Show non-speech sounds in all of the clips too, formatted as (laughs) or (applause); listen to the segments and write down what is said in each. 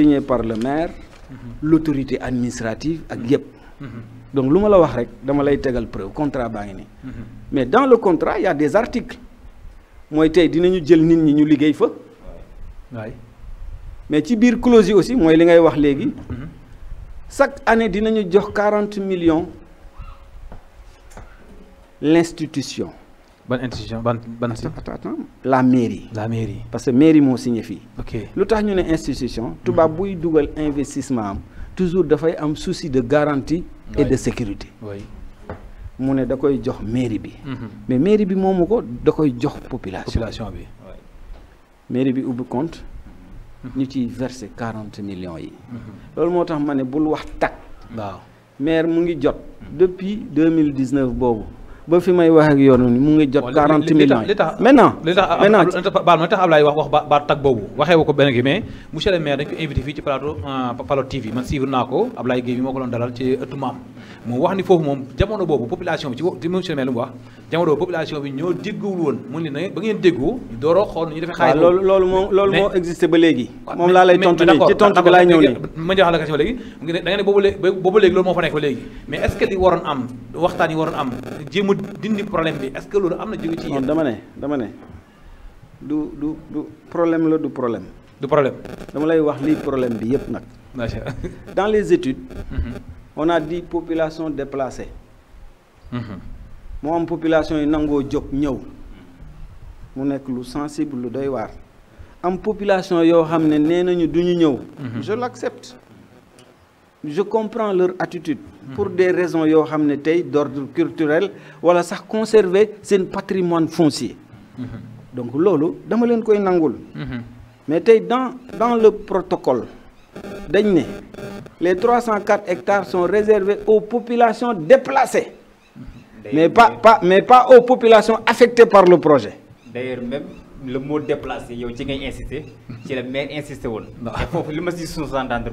signé par le maire l'autorité administrative à donc la wax rek dama lay preuve contrat est mais dans le contrat il y a des articles Moi, dinañu jël nini ñi mais tu biir clause aussi Moi li wax mhm. chaque année dinañu jox 40 millions l'institution bonne institution ban ban. attends attends la mairie. la mairie parce que mairie mon signifie. ok lu tax ñu ne institution. tubaab buy dugal investissement toujours dafay am souci de garantie. et de sécurité. Oui. Mon est d'accord. jox mairie bi. Mhm. mais mairie bi mon ko D'accord. jox population. population bi mairie bi ubbi compte. ñu ciy versé quarante millions yi. Mhm. loolu motax mané ma bul wax tak waaw maire mu ngi jot. depuis deux mille dix neuf ba fi may boobu loolu moo loolu ba léegi. moom laa lay tontu nii ci tontu bi laay ñëw nii. ma jox la question léegi da ne boobu léegi loolu moo fa nekk ba léegi mais est waroon am waxtaan yi waroon am jéem dindi problème bi est-ce que loolu am na jóge ci yéen. dama ne dama ne du du du problème la du problème. du problème. dama lay wax lii problème bi yëpp nag. macha allah dans les études. moo mm-hmm. a dit population déplacée. Mm-hmm. moo am population yi nangoo jóg ñëw. mu nekk lu sensible lu doy waar. am population yoo xam ne nee nañu du ñëw. Mm-hmm. je comprends leur attitude pour hmm. des raisons d'ordre culturel ça ça, conserver un patrimoine foncier hmm. donc lolo, dama leen koy nangul hmm. mais dans dans le protocole les 304 hectares sont réservés aux populations déplacées mais pas pas mais pas aux populations affectées par le projet d'ailleurs même le mot déplacé yow ci ngay insister ci la maire insisté woon foofu li ma si sous-entendre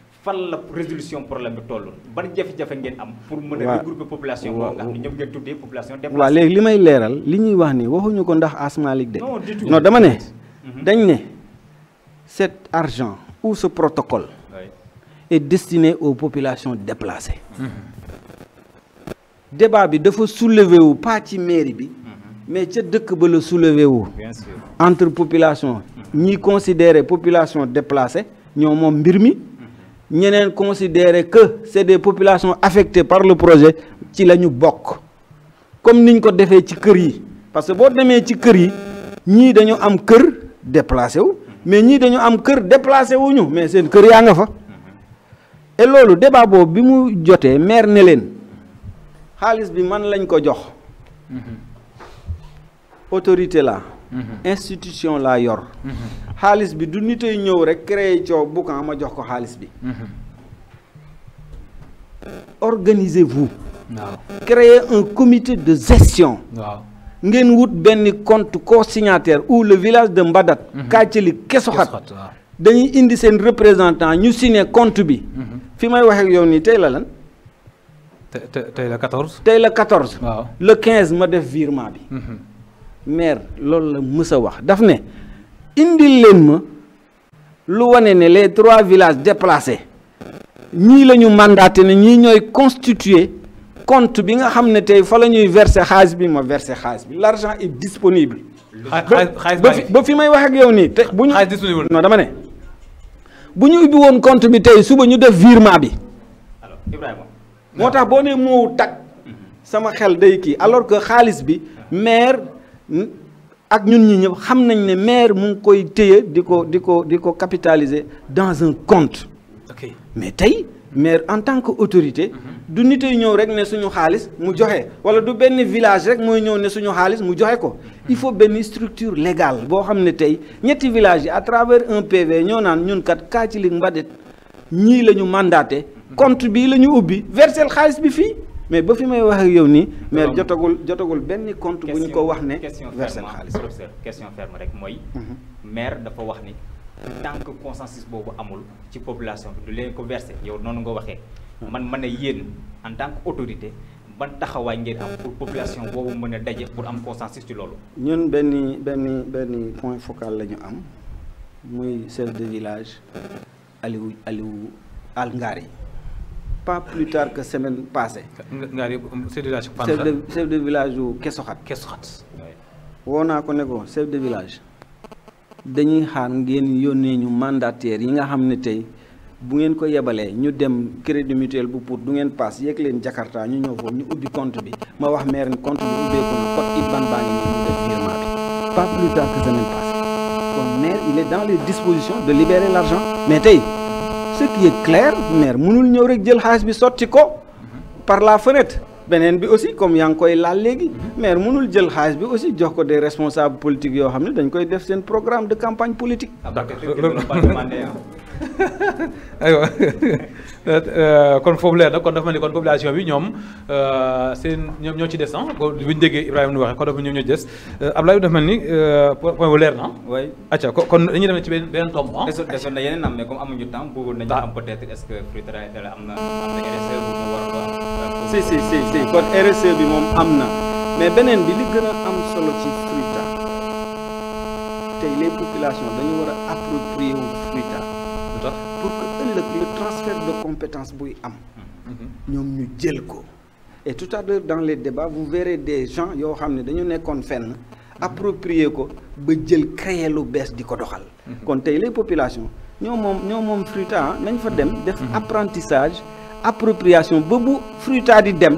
est la résolution problème bi toll ban jafe-jafe ngeen am. pour mën a population. Pour nga xam ne ñoom population. déplacée waaw léegi li may leeral li ñuy wax ni waxuñu ko ndax Ass Malick de. non du tout non dama ne. Mhm. dañ ne cet argent ou ce protocole. est destiné aux populations déplacées. Mhm. débat bi dafa soulever wu pas ci mairie bi. Mhm. mais ca dëkk ba la soulever wu. bien sûr entre population. ñi considéré population déplacée ñoo moom mbir ñeneen considérer que c'est des populations affectées par le projet ci la ñu bokk comme niñ ko defee ci kër yi parce que boo demee ci kër yi ñii dañu am kër déplacé wu mais ñii dañu am kër déplacé wuñu mais seen kër yaa nga fa et loolu débat boobu bi mu jotee maire ne leen xaalis bi man lañ ko jox mm-hmm autorité là mhm. institution là yor mhm. xaalis bi du nitay ñew rek créer coow boucan ma jox ko bi mhm. organisez-vous créer un comité de gestion waaw wut ben compte co-signataire ou le village de Mbadat kesso Kesoxat dañuy indi un représentant ñu signé compte bi fi may wax ak yow nii la lan tey la 14. tey la 14 le 15 ma def virement bi maire Daphne, la que wax daf né indil ma les trois villages déplacés ñi le ñu mandaté ne ñii constituer compte bi nga ne fa lañuy verser verser bi l'argent est disponible. ba fi may wax ak yow ni te disponible. non dama né buñu won compte bi suba virement alors Ibrahima alors que le ah. maire. Hmm? ak ñun ñi ñëpp xam nañ ne maire mu ngi koy téye di ko di capitaliser dans un compte ok mais tey maire en tant que autorité mhm. du nit ay ñëw rek ne suñu xaalis mu mhm. joxe wala du benn village rek mooy ñëw ne suñu xaalis mu joxe ko il faut benn structure légale boo xam ne tey ñetti village à travers un PV ñoo naan ñun kat Kacilik Mbadet ñii la ñu mandaté mhm. compte bii la ñu ubbi versel xaalis bi fii mais ba vous may wax ak yow compte question ferme rek mhm. maire dafa wax ni. tant que consensus bobu amul population du ko yow nga mhm. man en tant qu'autorité, ban pour population pour am consensus ci lolu ñun point focal am de village Aliou pas plus tard que semaine passée. nga chef de village chef de village wu Kesoxat. Kesoxat. woo ko ne chef de village dañuy xaar ngeen yónnee ñu mandataire yi nga xam ne tey bu ngeen ko yebalee ñu dem crédit mutuel bu pour du ngeen paas yegg leen Jakarta ñu ñëw foofu ñu ubbi compte bi ma wax mère ni compte bi ubbeeku na code IBAN baa ngi ñu def pas plus tard que semaine passée kon maire il est dans les dispositions de libérer l'argent mais tey. ce qui est clair maire mënul ñëw rek jël xaalis bi sotti ko par la fenêtre beneen bi aussi comme yaa ngi koy la léegi maire mënul jël xaalis bi aussi jox ko des responsables politiques yoo xam ne dañ koy def seen programme de campagne politique aywa (laughs) euh, kon foofu leer na kon dafa mel ni kon population bi ñoom euh, seen ñoom ñoo ci des ah bu ñu déggee Ibrahima nu waxee kon dafa ñoom ñoo ci des euh, Ablaye dafa ni point bu leer na ah. oui acca kon ci benn benn tomb ah. am mais comme amuñu temps bëggoon nañu ah. am peut être que Friedera dala na am na si si si si kon RSE bi moom am na mais beneen bi li gën a am solo ci Friedera tey les populations dañu war a approprier wu compétence buy am mm-hmm. ñom ñu jël ko et tout à l'heure dans les débats vous verrez des gens yo xamné dañu nekkoon fenn mm-hmm. approprier ko ba jël créer lu bees di ko doxal mm-hmm. kon tay les populations ñom mom ñom mom fruita ah, nañ fa dem def apprentissage appropriation ba bu fruita di dem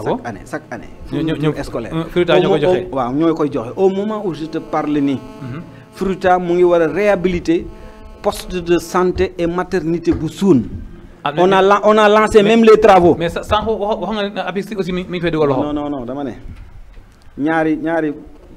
Ah chaque année chaque année. ñoo scolaire Fruta koy joxe waaw ñoo koy joxe au moment où je te parle ni, mhm. Fruta mu ngi wara réhabiliter poste de santé et maternité bu suun. Ah, on a on a lancé même les travaux. mais ça, sànq wax nga abi aussi mi fay dugal non non non dama né ñaari ñaari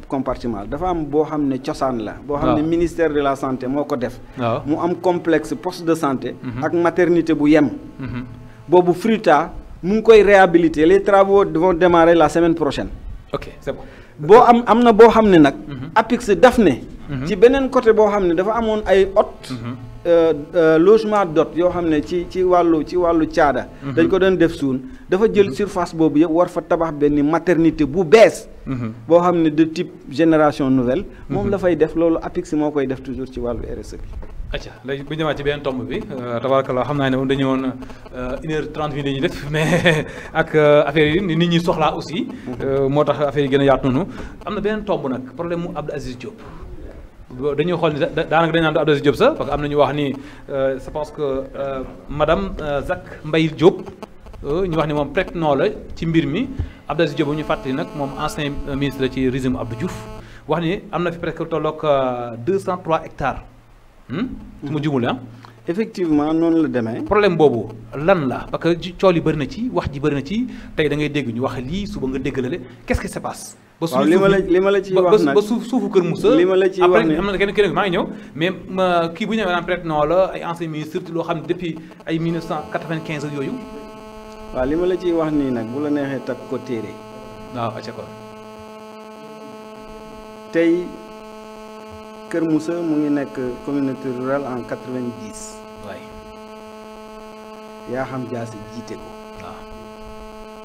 compartiment dafa am bo xamné ne la. bo xamné ministère de la santé moko def. mu am complexe poste de santé. Mhm. ak maternité bu yem. Mhm. bobu Fruta réhabiliter les travaux vont démarrer la semaine prochaine. ok c'est bon un am na nak mhm. mhm. ci côté bo dafa ay mhm. euh, euh, logement d'hôtes Yo ci ci walu ci walu tiada dañ ko done surface bobu war fa maternité bu de type génération nouvelle. la fay def toujours acca léegi bu ñu ci benn tomb bi euh, tabarakallah xam naa ne moom dañu woon euh, une heure trente minutes la ñuy def (laughs) mais ak euh, affaire yi nit ñi soxlaa aussi. Mhm. moo tax affaire yi gën a yaatu noonu. am na benn tomb nag problème mu Abdou Aziz Diop dañuy xool ni daanaka dañu naan Abdou Aziz Diop sax parce que am na ñu wax ni je pense que madame Zack Mbaye Diop ñu wax ni moom prête non la ci mbir mi Abdou Aziz Diop bu ñu fàttali nag moom ancien ministre la ci régime Abdou Diouf wax ni am na fi presque tolloog deux cent trois hectares. Hmm? su ma jumul ah. effectivement noonu la demee. problème boobu lan la parce que cool yi bëri na ci wax ji bëri na ci tey da ngay dégg ñu wax lii suba nga dégg la le qu'est-ce qui se passe. ba suuf li ma la li wax nag ba suufu Kër Moussa. li ma la ci wax après am na keneen keneen maa ngi ñëw. mais kii bu ñu demee peut-être non la ay ancien ministre loo xam ne depuis ay 1995 ak yooyu. waaw li ma la ciy wax nii nag bu la neexee takk ko téere. waaw acca ko. Kër Moussa mu communauté rurale en 1990. Oui. Y'a waay yaa xam jaasi jiite ko.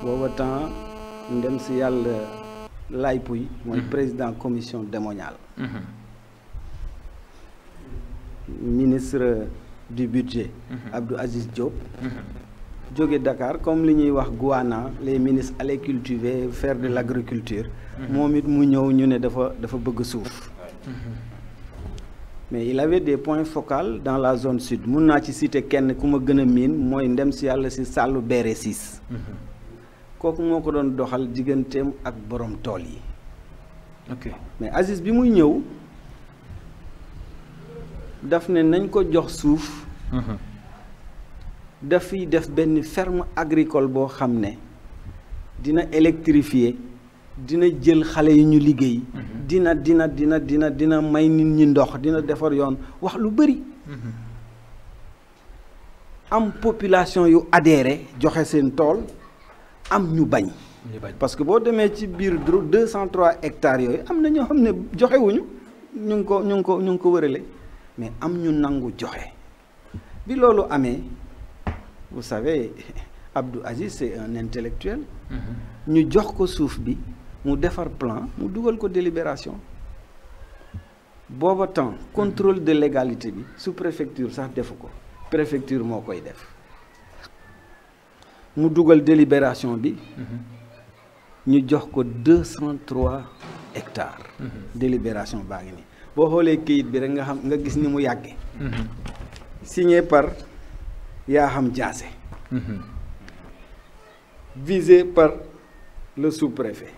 waaw ah. le temps ndem mhm. président commission démoniale. Mhm. ministre du budget. Mhm. Abdou Aziz Diop. est Dakar comme li ñuy wax Gouana les ministres allaient cultiver faire de l'agriculture. agriculture. moom it mu ñëw ñu ne dafa dafa bëgg -hmm mais il avait des points focaux dans la zone sud mun naa ci citer kenn ku ma gën a ndem si yàlla si sàllu bere siis mhm. kooku moo ko doon doxal digganteem ak borom tool yi ok mais Aziz bi muy ñëw daf ne nañ ko jox suuf mhm. dafiy def benn ferme agricole bo xam dina électrifier dina jël xalé yi ñu liggéey mhm. dina dina dina dina dina may nit ñi ndox dina defar yoon wax lu bëri mhm. am population yu adhéré joxé sen tool am ñu bañ parce que bo démé ci biir 203 hectares yoy am na ñoo xam ne joxewuñu ñu ko ñu ko ñu ko wërélé mais am ñu nangu joxé bi lolu amé vous savez (laughs) Abdou Aziz c'est un intellectuel mhm. ñu jox ko souf bi mu un plan mu fait ko délibération booba temps contrôle de légalité sous préfecture sax fait. préfecture moo Nous avons mu dougal délibération bi mm-hmm. ñu jox 203 hectares mm-hmm. délibération baa ngi bo boo xoolee kayit bi rek nga gis ni mm-hmm. signé par Yaham xam visé par le sous-préfet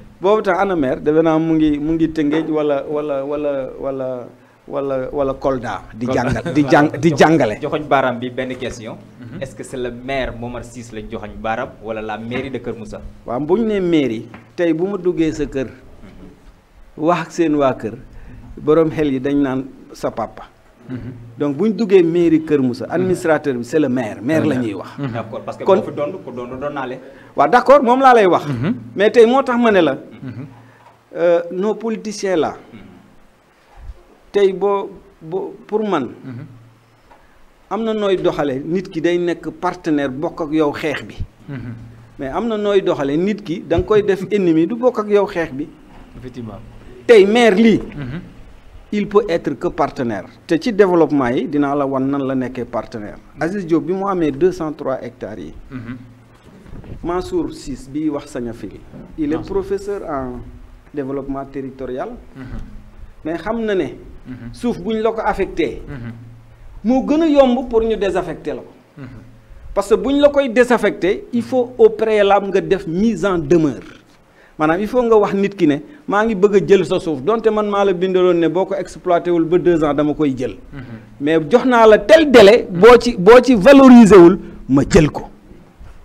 boobu tax ana maire defe naa mu ngi mu ngi tëngéej wala wala wala wala wala wala Kolda. di jàngal di jàng di jàngale. joxoñ baaraam bi benn question. Mhm. es ce que c'est le maire Momar Ciss la joxoñ baaraam wala la mairie de Kër Moussa. waaw bu ñu nee mairie tey bu ma duggee sa kër. Mhm. wax seen waa kër boroom xel yi dañ naan sa papa. donc bu ñu duggee mairie Kër Moussa administrateur bi c' est le maire maire la wax. d' accord parce que boo fi doon ko doon doon naale. waaw d' accord moom laa lay wax. Mhm. mais tey moo tax ma ne la. Mhm. Euh, nos politiciens là. tey boo boo pour man. Mhm. am na nooy doxale nit ki day nekk partenaire bokk ak yow xeex bi. mais am na nooy doxale nit ki da koy def ennemi du bokk ak yow xeex bi. effectivement tey maire lii. il peut être que partenaire te ci développement je vais la dire nan la partenaire Aziz Diop bi j'ai 203 hectares mhm. Mansour six bi wax il est professeur en développement territorial mhm. mais xam na Souf mhm. suuf la ko affecté Il gën a pour nous désaffecter. parce que si il la désaffecté il faut au préalable faire une mise en demeure Madame, il faut nga wax nit ki maa ngi bëgg jël sa suuf donte man maa la bindaloon ne boo ko exploité wul ba deux ans dama koy jël. Mm-hmm. mais jox naa la tel délai. boo ci boo ci valoriser wul ma jël ko.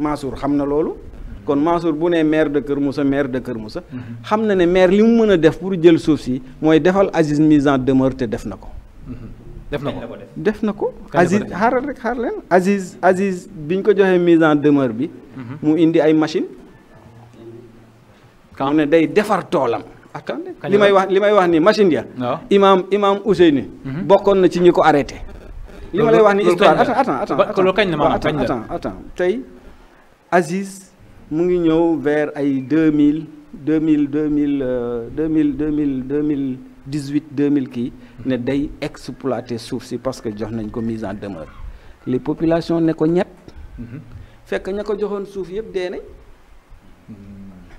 Mansour xam na loolu. kon Mansour bu ne maire de Kër musa maire de Kër Moussa. Mm-hmm. xam na ne maire li mu mën a def pour jël suuf si mooy defal Aziz mise en demeure te def na ko. Mm-hmm. def na ko na ko Aziz xaaral rek xaar leen biñ ko joxee mise en demeure bi. mu indi ay machine mu ne day defar toolam. Attendez. Ce que je veux Imam Imam Ousseini, il n'y a pas arrêter arrêté. Ce que attends, attends, attends. Attends, attends, attends, Aziz est vers 2000, 2000, 2000, 2000, 2018, 2000 qui, n'est pas exploité c'est parce que nous avons mis en demeure. Les populations ne connaissent pas fait que nous avons de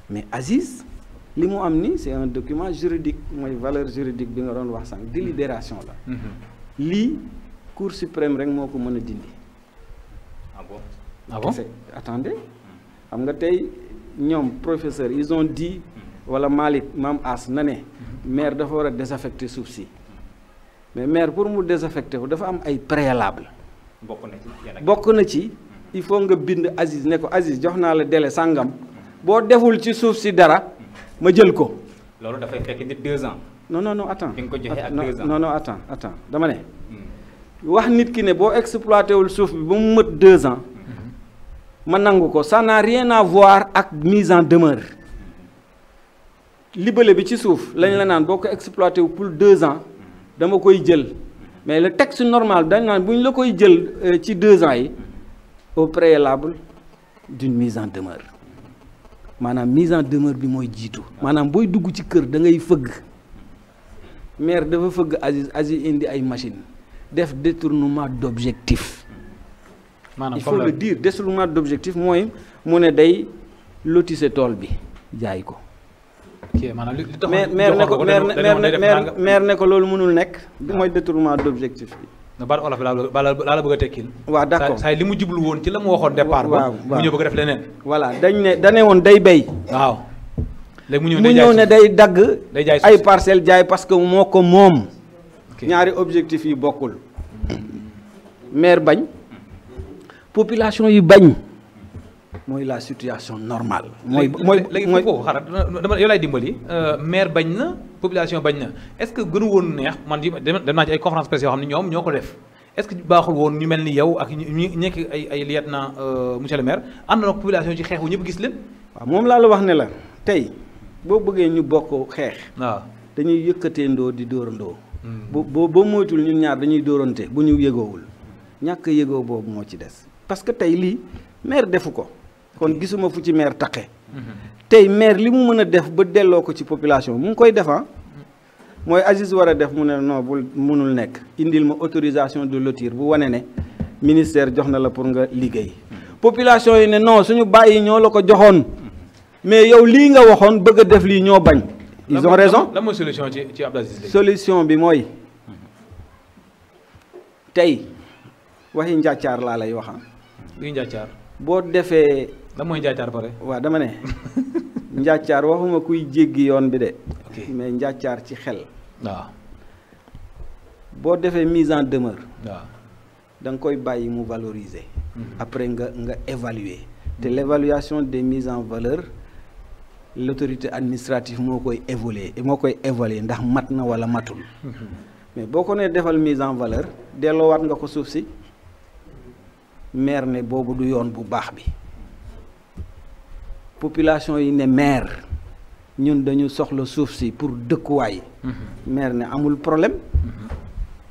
Mais Aziz, ce c'est un document juridique une valeur juridique de la délibération la mm-hmm. cour suprême ah bon ah attendez professeur ils ont dit voilà Malik, As maire désaffecter souci mais maire pour mu désaffecter il am préalable Si il faut que bind Aziz néko Aziz la délai sangam. Mm-hmm ma jël ko. loolu dafay fekk nit deux ans. non non non attends. ko ak deux ans non non attends attends dama ne. Hmm. wax nit ki ne boo exploité wul suuf bi ba mu mët deux ans. Hmm. ma nangu ko ça n'a rien à voir ak mise en demeure. libelé bi ci suuf lañ la hmm. naan boo ko exploité wu pour deux ans dama koy jël mais le texte normal dañ naan buñ la koy jël euh, ci deux ans yi au préalable d'une mise en demeure. maanaam mise en demeure bi mooy jiitu maanaam booy dugg ci kër da ngay fëgg maire dafa fëgg Aziz Aziz indi ay machine def détournement d'objectif maanaam il faut le dire détournement d'objectif mooy mu ne day lotissé tool bi jaay ko maire ne ko maire ne ko loolu mënul nekk mooy détournement d'objectif bi baat olof laa la bëgg a tekkil. waaw d'accord saa li mu jublu woon ci la mu waxoon départ ba mu ñëw bëgg def leneen. voilà dañ ne dane woon day bay. waaw mu ñëw mu ne day dagg. day ay parcelles jaay parce que moo ko moom. ñaari objectif yi bokkul. maire bañ population yi bañ. moy la situation normale. moy moy moy ko xaaral dama yow dimbali euh maire bagnna population bagnna est-ce que gënu won neex man dem naa ci ay conférence presse yo xamni ñom ñoko def est-ce que baaxul won ñu melni yow ak ñek nekk ay ay lieutenant euh, monsieur le maire ànd na population ci xexu wu gis leen. wa mom la la wax ne la tay bo bëgge ñu bokk xex wa dañuy yëkëte ndo di dóorandoo. Hmm. bo bo boo moytul ñun ñaar dañuy doronté bu ñu yëgoowul ñak yëgoo bobu mo ci dess parce que tay li maire defu ko kon gisuma fu ci maire taqe. tey maire li mu mën a def ba delloo ko ci population mu ngoy def def ah. moy Aziz wara def mu ne non bu munul nek indil ma autorisation de lotir bu wane né ministère jox la pour nga liggéey. population yi né non suñu bayyi ñoo la ko joxoon mais yow li nga waxone bëgg def li ñoo bañ. ils ont raison la solution ci ci Abdou Aziz solution bi moy tay waxi njàccaar la lay waxaan. Ah. luy njàccaar boo defee lan mooy tu as ne (laughs) de. mise en demeure. tu valoriser. Hmm. après nga nga évaluer. l'évaluation l'évaluation des mises en valeur l'autorité administrative moo Et Et évaluer ndax matul. Hmm. mais si on fait defal mise en valeur nga ko maire ne du bu population yi ne maire ñun dañu soxla le souci pour dëkkuwaay. Mhm. maire ne amul problème. Mhm.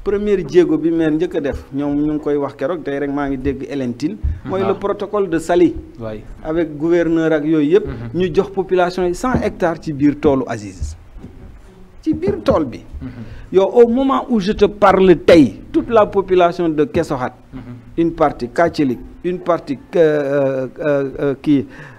première djego bi maire ñëk a def ñom ñu premier koy wax kérok tay rek ma ngi dégg Elentine. moy mhm. le ah. protocole de Sali. Avec avec gouverneur ak yoy nous ñu jox population yi 100 hectares ci biir ou Aziz. ci biir bi. au moment où je te parle tay toute la population de Kessohat. une partie catholique une partie qui euh, euh, euh,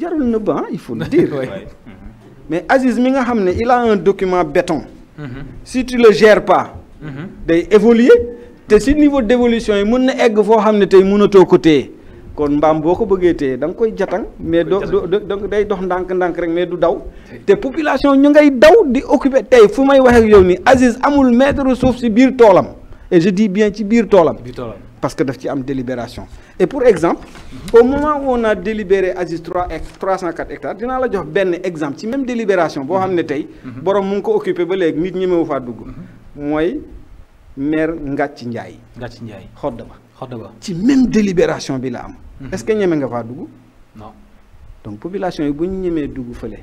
Ah, il faut le dire. (laughs) mais Aziz il a un document béton. Mhm. si tu le gères pas. Mhm. d'évoluer, évoluer si niveau d'évolution egg kon mbam boko dang koy jatang mais rek mais du daw population ñu ngay daw di occuper yow ni Aziz amul et je dis bien ci biir toolam parce que daf ci am délibération et pour exemple au moment où on a délibéré Aziz 3, 304 cent hectares dinaa la jox ben exemple ci même délibération boo xam ne borom mu ko occupé ba léegi nit ñemewu faa dugg mooy maire Ngati Ndiaye Ngati Ndiaye xodd ba xodd ci même délibération bi la am mhm. est-ce que ñeme nga faa dugg non donc population yi bu ñu ñemee dugg fële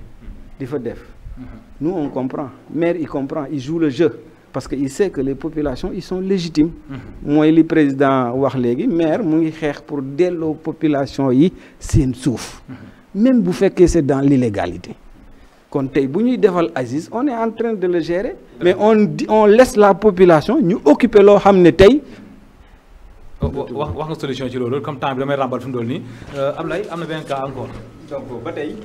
di def mhm. nous on comprend maire il comprend il joue le jeu parce qu'il sait que les populations ils sont légitimes. Mhm. Moi, le président wax léegi maire mu ngi pour delloo population yi seen suuf. Mhm. même bu que c'est dans l'illégalité Quand tey bu Aziz on est en train de le gérer. mais on on laisse la population ñu occuper leur xam ne tey. Oh, wax wax nga solution ci comme temps bi damay ràmbal fi mu dool nii euh, Ablaye am cas encore. donc ba tey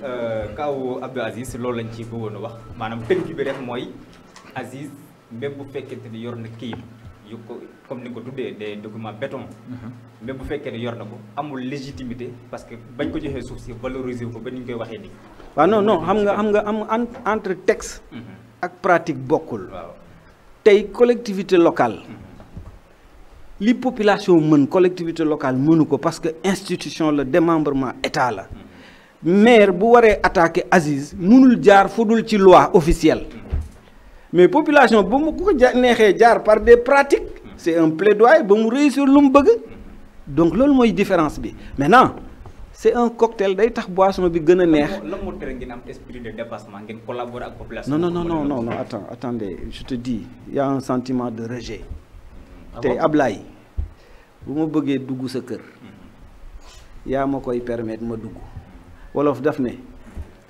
kaw euh, Abdou Aziz loolu lañ ci wax Aziz même bu fekkente ni yor na kayit yu ko comme ni ko des documents béton. Uh-huh. même bu fekkee yor na ko amul légitimité parce que bañ ko joxé valorisées pour valoriser ko ba ni koy waxé ni wa non non xam nga xam nga am entre texte. Uh-huh. ak pratique bokul, tay collectivité locale. Uh-huh. li population mën collectivité locale mënu parce que institution le démembrement état la. maire bu waré attaquer Aziz mënul jaar fudul ci loi officielle mais population ba mu ko neexee par des pratiques c'est un plaidoyer ba mu réussir lu mu donc c'est la différence bi maintenant c'est un cocktail day tax boisson bi gën a neex. lan moo tere ngeen am esprit de dépassement collaborez collaborer la population. non non non non non attends attendez je te dis il y a un sentiment de rejet. Ah tey Ablaye bu ma bëggee dugg sa kër. yaa ma koy permettre ma dugg wolof daf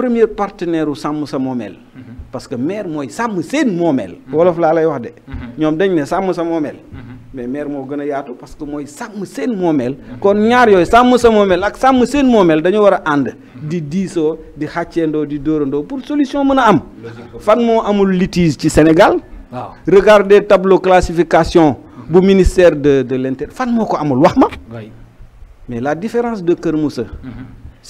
premier partenaire au sàmm sa mhm. parce que maire mooy sàmm seen voilà mhm. wolof la lay wax de mhm. ñom dañ né Sam sa mais maire mo gëna parce que mooy sàmm seen momel kon ñaar yoy Sam sa moomeel ak c'est seen momel dañu wara and di diso di xàcceendoo di dorando pour solution mon âme am fan mo amul litige ci Sénégal regardez tableau classification bu ministère de de l'Intérieur fan moko amul wax ma mais la différence de cœur Moussa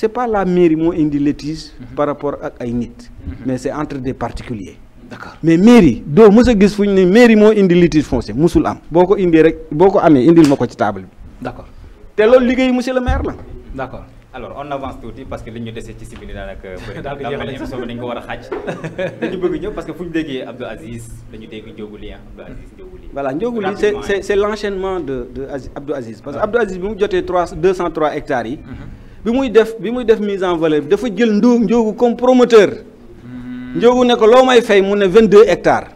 c'est pas la mairie moo indi litige mhm. par rapport ak ay nit mhm. mais c'est entre des particuliers d'accord mais mairie do mës a gis fu ñu mairie mo indi litige foncier musul am boko ko rek boko amé amee indil mako ci table d'accord té lool liggéeyu monsieur le maire là d'accord alors on avance tuuti parce que li ñu dese ci simili daanaka bëri daal mel émission ni nga wara war (laughs) dañu bëgg ñëw parce que fuñ déggé Abdou Aziz dañu dégg Ndiogou Ly Abdou Aziz Ndiogou Ly voilà Ndiogou Ly c'est c'est l'enchaînement de de Abdou Aziz parce que Abdou Aziz bi mu jotee trois deux cent trois hectares yi mhm bi muy def bi muy mise en valeur dafa jël ndóo njóogu comme promoteur hmm. njóogu ne ko lo may fay mu ne vingt deux hectares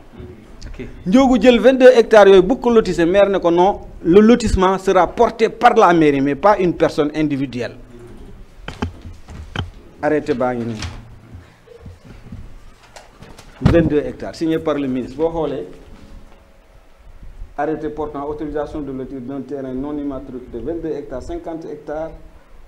njóogu jël 22 hectares yoy bu ko lotissé maire ne ko non le lotissement sera porté par la mairie mais pas une personne individuelle arrêté ba ngi 22 hectares signé par le ministre Vous xolé arrêté portant autorisation de lotir d'un terrain non immatriculé de 22 hectares 50 hectares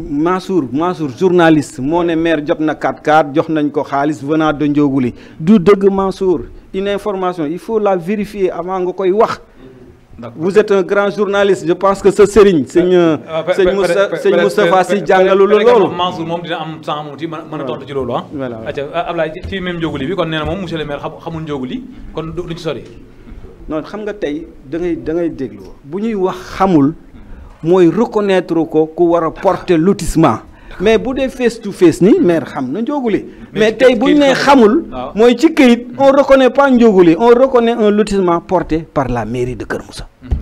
Mansour Mansour journaliste mon ne maire jot na 4 4 jox nañ ko xaalis venant de Ndioguli du deug Mansour une information il faut la vérifier avant nga koy wax. vous êtes un grand journaliste je pense que ce Serigne, sëñ euh, ah, sëñ Moussa sëñ Moustapha Sy jangalu la lolu. Mansour mom dina am temps mu man a tontu ci lolu ah. voilà ah, Ablaye ci même Ndioguli bi kon néna mom monsieur le maire xamul Ndioguli kon du ci sori. non xam nga tay da ngay da ngay déglu Buñuy wax xamul moy reconnaître ko ko wara porter lotissement mais bu dee face to face ni maire xam na mais tay bu ñu xamul moy ci keuyit on reconnaît pas Ndiogouly on reconnaît un lotissement porté par la mairie de Keur Moussa mhm.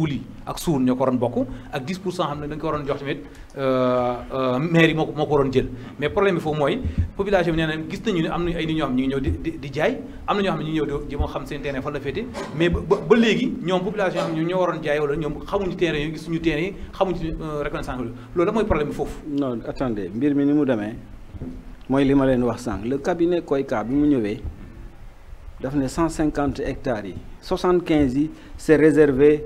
wuli ak sour ñoo ko waroon ak 10 pour dañ ko waroon jox tamit euh euh maire moko moo ko jël mais problème bi foofu mooy population bi nee gis nañu ne am ay nit ñoo am ñi ñew di di jaay am na ñoo xam ne ñu ngi di mo xam seen terrain fa la fété mais ba légui ñom population am ñu ne ñoo waroon jaay wala ñom xamuñu terrain yu gis gisuñu terrain xamuñu euh, reconnaissance lolu da moy problème bi foofu non attendez mbir mi ni mu démé moy li ma leen wax sang le cabinet Koyka bi mu ñëwee daf né 150 hectares yi 75 yi c'est réservé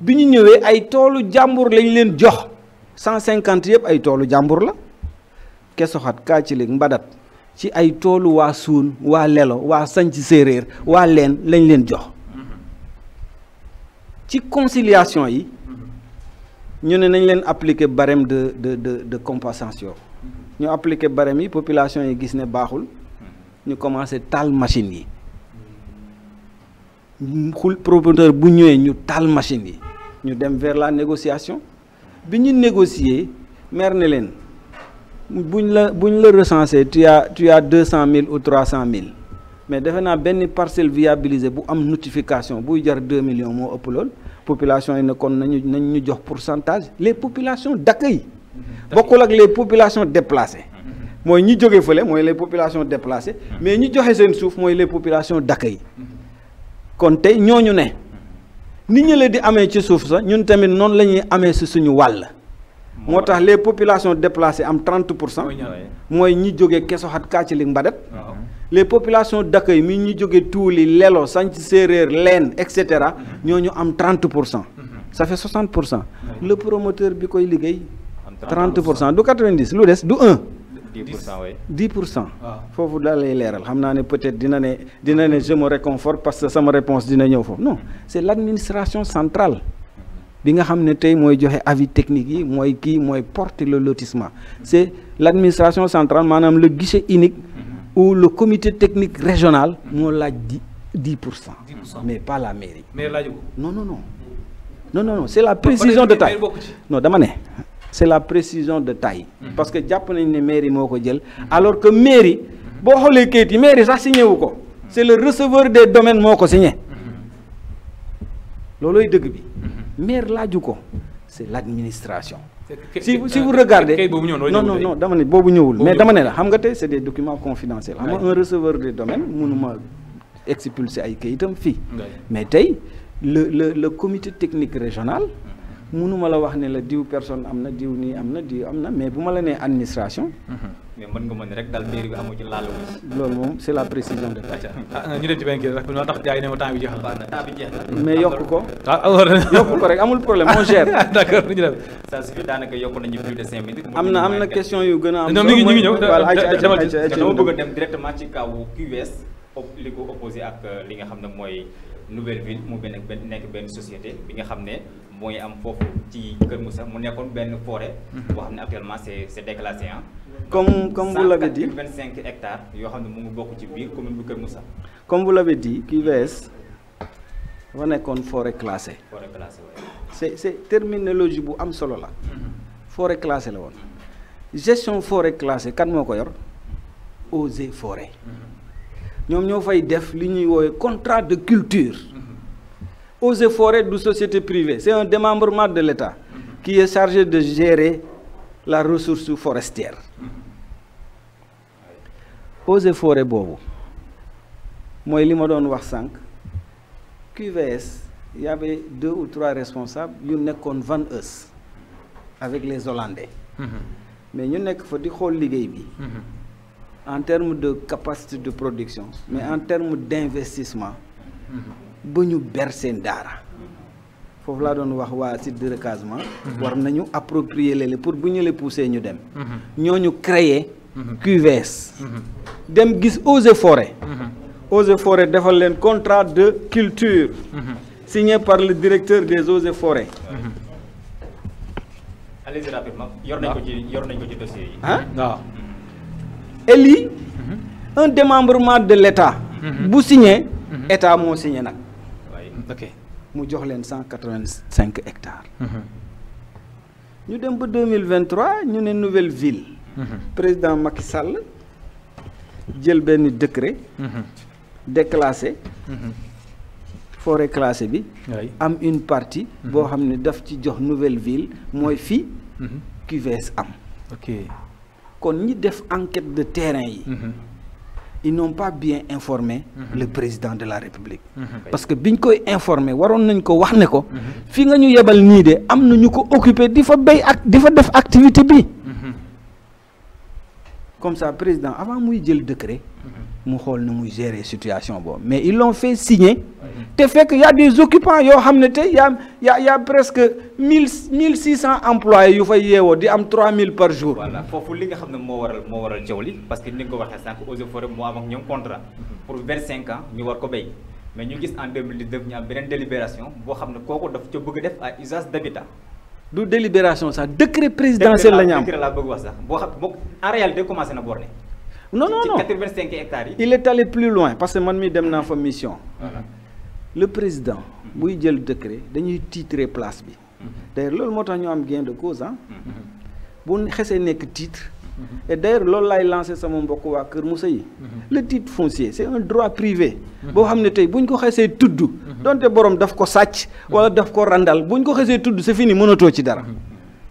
bi ñu ay tolu jambour lañ leen jox 150 cinquante ay tolu jambour la ci mbadat ci ay tolu wa wa wa lelo wa sanc wa leen lañ conciliation yi ñu nañ leen appliquer barème de de de de compensation ñu appliquer barème yi population yi gis ne Nous ñu machine xul promoteur bu ñëwee ñu tal machine yi ñu dem vers la négociation bi ñu négocier Mère Nélène, si buñ la buñ tu as tu as ou 300 000. mais defe naa benn parcelle viabilisée bu am notification bu jar 2 millions mo ëpp lool population yi ne kon jox pourcentage les populations d'accueil bokul ak les populations déplacées moy ñi joggé feulé les populations déplacées mmh. mais ñi joxé seen suuf moy les populations d'accueil mmh kon tey ñooñu ne nit ñi di amee ci suuf sa ñun tamit noonu la les populations déplacées am 30 moy ñi joggé kesso jógee Kesoxat Kàccili les populations d'accueil mi ñi joggé Tuuli Lelo sant Séeréer Leen et am 30 ça fait 60 le promoteur bi koy 30 du 90 lu dess du 1. 10 pour cent oui. 10 pour cent. waaw ah. foofu peut-être dina dina je me réconforte parce que ça réponds réponse dina au fond non c'est l'administration centrale bi nga xam ne tey avis technique moi qui moi porte le lotissement c'est l'administration centrale manam le guichet unique mm-hmm. ou le comité technique régional moi l'a di 10 mais pas la mairie. mais non non non non non non c'est la précision de taille non dama c'est la précision de taille. Mhm. parce que les Japonais ne mairie pas ko alors que mairie. maires, xoolee kayit mairie sax signé wu mhm. c'est le receveur des domaines qui ko signé. Mhm. loolooy bi. maire du ko c'est l'administration. si si vous regardez non non non dama mais dama ne la c'est des documents confidentiels. un receveur des domaines mënuma expulser ay kayitam fii. mais le le le comité technique régional. mënuma la wax ne la diw personne am na diw nii am na diw am na mais bu ma la nee administration. Mhm. mais mën nga mën rek dal mairie bi amu la précision de. Ah, ñu dem ci benn tax gars yi ne ma temps bi jeexal. temps bi jeex na mais yokk ko. Ah, yokk ko rek amul problème on gère. (laughs) d'accord ñu dem. ça suffit yokk nañu plus de am na am na question yu gën a am. ñoom ñu ngi ñu ngi ñëw voilà dama bëgg a dem directement ci kaw QVS li ko opposé ak euh, li nga xam ne mooy Nouvelle Ville mu benn nekk benn société bi nga xam ne moy am foofu ci keur Moussa mu nekkone benn forêt. wax mhm. ni actuellement c'est c'est déclassé hein comme comme vous l'avez dit 25 hectares yo xam ne mu ngi bokk ci biir commune bu keur Moussa. comme vous l'avez dit qui QVS dafa nekkone forêt classée. forêt classée waaye. c'est c'est terminologie bu am solo la. Mhm. forêt classée la won gestion forêt classée kan moko yor eaux forêt. Mhm. ñom ñoo fay def li ñuy woowee contrat de culture. Aux et forêts de société privée, c'est un démembrement de l'État qui est chargé de gérer la ressource forestière. Aux et forêts boobu mooy li ma donné wax il QVS y avait deux ou trois responsables ils ne Van avec les Hollandais. mais ñu ne fa di xool en termes de capacité de production mais en termes d'investissement ba ñu ber seen daara foofu laa doon wax waa site de recasement mhm. war nañu approprier leen pour bu ñu le poussé ñu dem mhm. ñooñu créer mhm. QVS dem gis eaux forêt eaux forêt defal leen contrat de culture signé par le directeur des eaux et forêts allez-y rapidement yor nañ ko ci yor nañ ko ci dossier yi hein? ah waaw eli un démembrement de l' état bu signé état moo signé nag ok avons jox 185 hectares. nous mhm. dem ba 2023 nouvelle ville. Mhm. président Macky Sall décret. Mhm. déclassé. forêt classée bi. am une partie. a daf nouvelle ville ok enquête de terrain ils n'ont pas bien informé mhm. le président de la république mhm. parce que biñ koy informé Waron a ko wax ko mhm. fi nga de am occupé comme ça président avant muy le décret nous avons géré la situation. Mais ils l'ont fait signer. Ce qui fait il y a des occupants, il y a, 1 600 y employés, il y a 000 par jour. Voilà, il faut que nous avons parce que nous avons fait parce que nous avons un contrat pour 25 ans, nous avons fait Mais nous avons en 2019, nous avons une délibération, nous avons fait un contrat pour faire un usage d'habitat. C'est délibération, ça, décret présidentiel. C'est un décret la, en réalité, comment ça a commencé à non non non 85 hectares il est allé plus loin parce que man mi dem naa fa mission. Uh-huh. le président. buy jël décret dañuy titrer place bi. Uh-huh. d'ailleurs loolu moo tax ñu am gain de cause ah. bu xesee un titre. et d'ailleurs loolu laay lancé sama mbokk beaucoup à Moussa le titre foncier c'est un droit privé. Bon, xam tay, tey bu ñu ko doux? tudd. donte borom daf ko sàcc. wala daf ko randal bu ñu ko xesee tudd c'est fini mënatoo ci dara.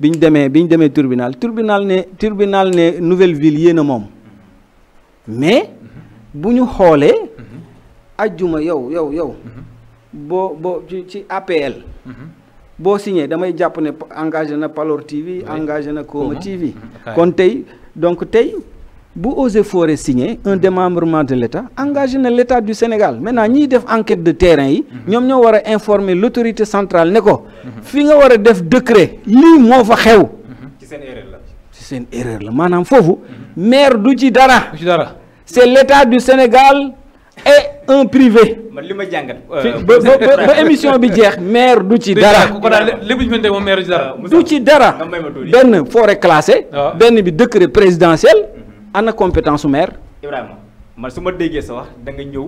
bi ñu demee bi ñu demee tribunal tribunal ne tribunal ne nouvelle ville yéen a moom mais bu ñu xoolee ajjuma yow yow yow boo boo ci ci APL boo signé damay jàpp ne engagé na Palor TV engagé na Kooma TV kon tey donc tey bu Eaux signer un démembrement de l'État engagez l'État du Sénégal maintenant ñiy def enquête de terrain yi. Mhm. ñoom ñoo war informer l'autorité centrale ne ko. fi nga war def décret. lii moo xew. Mhm. erreur la. ci erreur la maanaam foofu. maire du ci dara. du l'État du Sénégal et un privé. man li ma jàngat. Euh, ba (laughs) émission bi jeex maire du ci dara. du dara. Ah, forêt classée. Ah. benn décret présidentiel ana compétence su maire. Ibrahima man suma ma sa wax da nga ñëw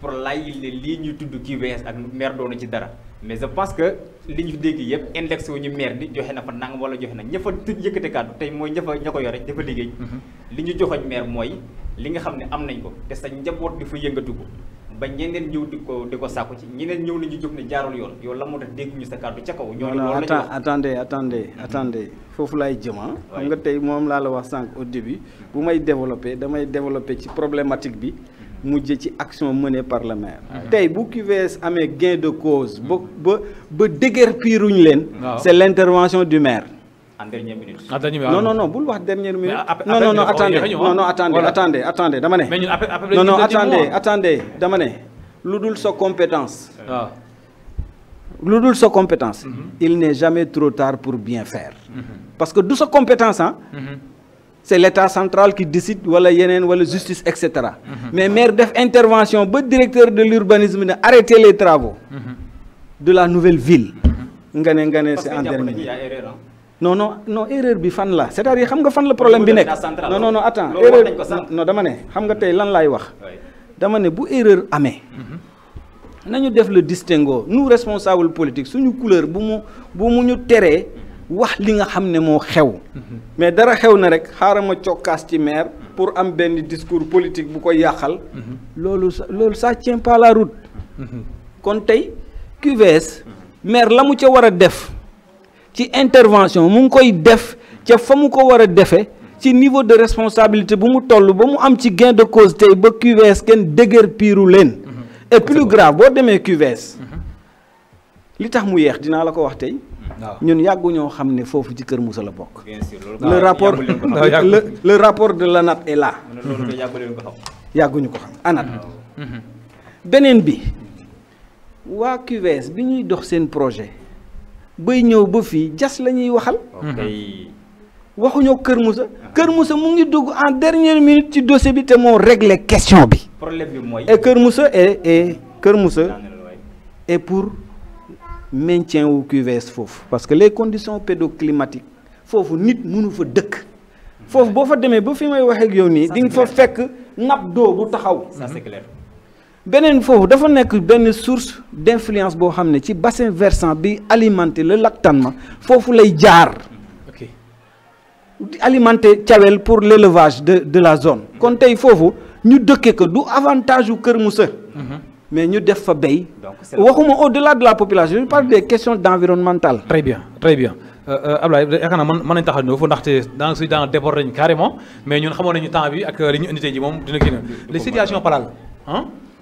pour laaj ne lii ñuy tudd QVS ak maire doonu ci dara mais je pense que li ñu dégg yëpp index wu ñu maire bi joxe na fa nang wala joxé na ña fa tudd yëkkate tay moy mooy ñako yoré dafa liggéey. Mm-hmm. li ñu joxoñ maire mooy li nga xamné am nañ ko te sa njaboot di fa yëngatu ko ba ñeneen ko ci la attendez attendez attendez foofu laay jëma ah. xam nga tey la wax au début. bu may développé damay développé ci problématique bi. action menée par le maire. bu gain de cause. Mm. c'est l'intervention du maire en dernière minute. non non non bul wax dernière minute. non non non attendez non non attendez attendez Attendez. ne. non non attendez attendez dama L'oudoul, sa compétence. Ah. L'oudoul, sa compétence. Mm-hmm. il n'est jamais trop tard pour bien faire. Mm-hmm. parce que d'où sa compétence hein, mm-hmm. c'est l'état central qui décide wala yeneen wala justice etc. mais maire def intervention ba directeur de l'urbanisme de arrêter les travaux. de la nouvelle ville. Ngane, ngane, c'est en dernier. non non non erreur bi fan la c'est-à-dire xam nga fan la problème bi nek non non non attends erreur non dama ne xam nga tay lan lay wax dama ne bu erreur amé mhm. nañu def le distinguo nous responsable politique suñu couleur bu mu bu mu ñu téré wax li nga xam mo xew mhm. mais dara xew na rek xaaral ciokas ci maire pour am ben discours politique bu ko yakal mhm. lolu lolu ça tient pas la route kon tay QVS maire la ci wara def ci intervention mu ngi koy def ci fa mu ko war a defee ci niveau de responsabilité bu mu toll ba mu am ci gain de cause tey ba QVS kenn dëgër piiru leen. Mm-hmm. et plus grave boo demee QVS. Mm-hmm. li tax mu yeex dinaa la ko wax tey. ñun yàggu xam ne ci Kër la le rapport le rapport de l'ANAT est là. yàgguñu ko xam ANAT. Mm-hmm. beneen bi waa QVS bi ñuy dox seen projet bay ñëw ba fii jas la ñuy waxu mhm. waxuñoo keur Moussa. keur Moussa mu ngi dugg en dernière minute ci dossier bi té mo régler question bi. problème bi moy et keur Moussa et et keur Moussa et pour maintien wu QVS foofu parce que les conditions pédoclimatiques foofu nit mënu fa dëkk. foofu bo fa démé ba fi may waxee ak yow ni di nga fa fekk napp bu taxaw. ça c'est clair benen fofu dafa nek benn source d'influence bo xamné ci bassin versant bi alimenter le lac Tanma fofu lay jaar alimenter tiawel pour l'élevage de de la zone mhm. kon tey foofu ñu dëkke ko du avantage wu Kër musse mhm. mais ñu def fa béy waxuma au-delà de la population je parle des questions d'environnemental très bien très bien euh, euh yaakaar naa mën man nañu taxaw ñëw ndaxte dans dans déborder carrément mais ñun xamone nañu temps bi ak li ñu unité ji mom dina génn les situations parallèles hein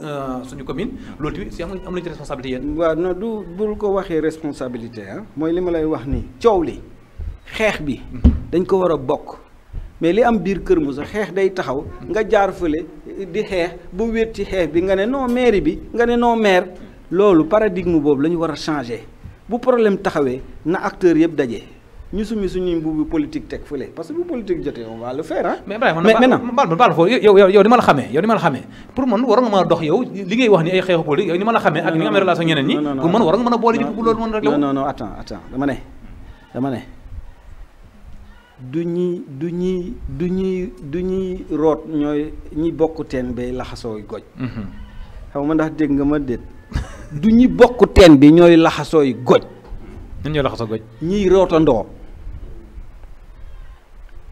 Euh, suñu commune loolu tamit si am na nañu ci responsabilité yéen. waaw du bul ko waxee responsabilité ah. mooy li ma lay wax nii coow li xeex bi mhm. dañ ko war a bokk. mais li am biir Kër Moussa xeex day taxaw nga jaar fële eh, di xeex bu wéet ci xeex bi nga ne noo mairie bi nga ne noo maire loolu paradigme boobu la ñu war a changer bu problème taxawee na acteur yëpp daje. ñu summi suñuy mbubu politique teg fële parce que bu politique jotee on va le faire ah. mais Ibrahima man baal baal ko yow yow ni ma la xamee yow ni ma la xamee pour man waroon nga mën a dox yow li ngay wax ni ay xeexu politique yow ni ma la xamee ak ni nga amee relation ñeneen ñi pour man waroon nga mën a boole ji bu loolu mën rek non non non attends attends dama ne dama ne du ñuy du ñuy du ñuy du ñuy root ñooy ñi bokk teen bay laxasooy goj mhm. xaw ma ndax dégg nga ma déet du ñi bokk teen bi ñooy laxasooy goj ñun ñooy laxasoo goj ñiy rootandoo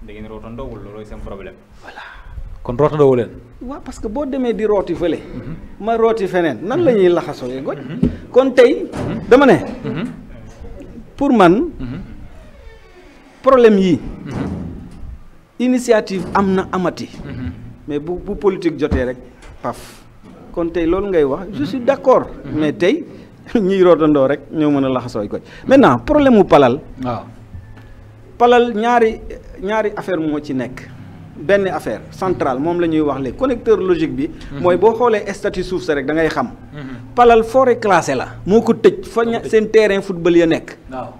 da ngeen rootandoowul loolooy seen problème. voilà kon rootandoowu leen. waaw que boo demee di rooti fële. Mhm. ma rooti feneen nan la mhm. ñuy laxasoo mhm. kon tey dama ne. pour man problème yi initiative am na amati. mais bu bu politique jotee rek paf kon tey loolu ngay wax je suis d'accord mais tey (laughs) ñiy rootandoo rek ñoo mën a laxasooy goj maintenant problème mu palal ah. palal ñaari ñaari affaire moo ci nekk benn affaire centrale moom la ñuy wax léegi connecteur logique bi. Mhm. mooy boo xoolee statut suuf sa rek da ngay xam. Mhm. palal forêt classée la. moo ko tëj fa seen terrain football ya nekk. waaw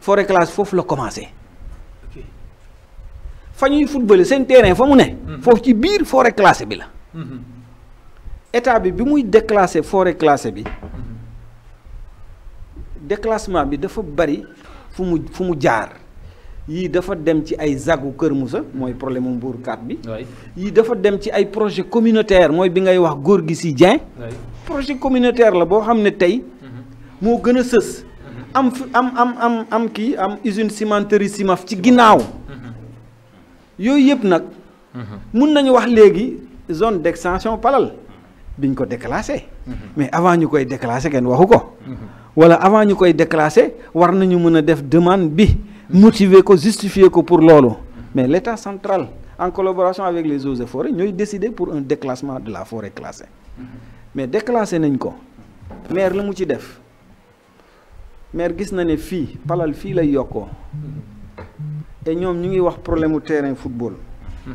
forêt foofu la commencé. fa ñuy football seen terrain fa mu ne. Mhm. foofu ci biir forêt classée bi la. état bi bi muy déclassé forêt classée bi déclassement bi dafa bari. fu mu fu mu jaar yii dafa dem ci ay zagu Kër Moussa mooy problème mu mbuurkat bi. yii dafa dem ci ay projet communautaire mooy bi ngay wax góor gi si Dieng. projet communautaire la boo xam ne tey. Mhm. moo gën a sës. Mhm. am fu am am am am kii am usine cimenterie Cimaf ci ginnaaw. Mhm. yooyu yëpp nag. mun nañu wax léegi zone d' extension Palal biñ ko déclassé. mais avant ñu koy déclassé kenn waxu ko. wala avant ñu koy déclasser war nañu mëna def demande bi motiver ko justifier ko pour lolo. mais l'État central en collaboration avec les eaux et forêts ñooy décider pour un déclassement de la forêt classée mais déclasser nañ ko maire la mu ci def maire gis na né fi palal fi lay yoko et ñom ñu ngi wax problème terrain football mhm.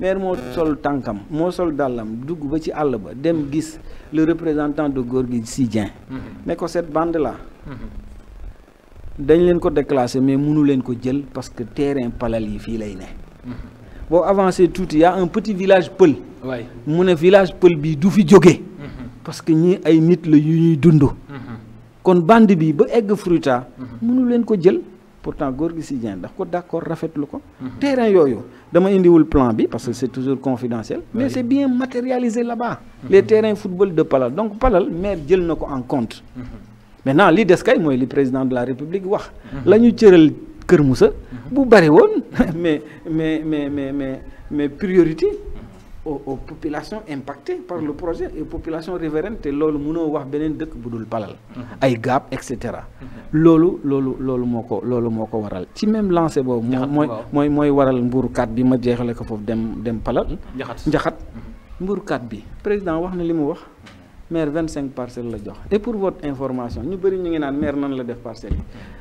maire mo sol tankam mo sol dalam dugg ba ci all ba dem gis le représentant de Gorgui Sy mhm. mais cette bande là ils mhm. leen ko déclassé mais ne leen ko jël parce que le terrain palal yi là lay ne mhm. tout. tout, y a un petit village peul. mu village peul bi du fi parce que ñi ay nit le yu ñuy dund kon bande bi ba egg ne mënu pas ko pourtant Gorgui d'accord, Dieng daf ko d'accord rafetlu ko. Mhm. terrain yooyu dama le plan B, parce que c'est toujours confidentiel. mais c'est bien matérialisé là-bas. Mhm. les terrains football de Palal donc Palal maire jël na en compte. Mhm. maintenant li moi, le président de la république wax. la ñu cëral Kër Moussa. bu bari (laughs) Mais, mais mais mais mais mais priorité aux, populations impactées par le projet et population populations révérentes. Lolo, Muno wax benen dëkk budul palal mhm. ay waral Si même lancé waral bi ma dem dem palal bi président maire 25 parcelles la jox et pour votre information ñu bari ñu ngi naan maire nan la def parcelles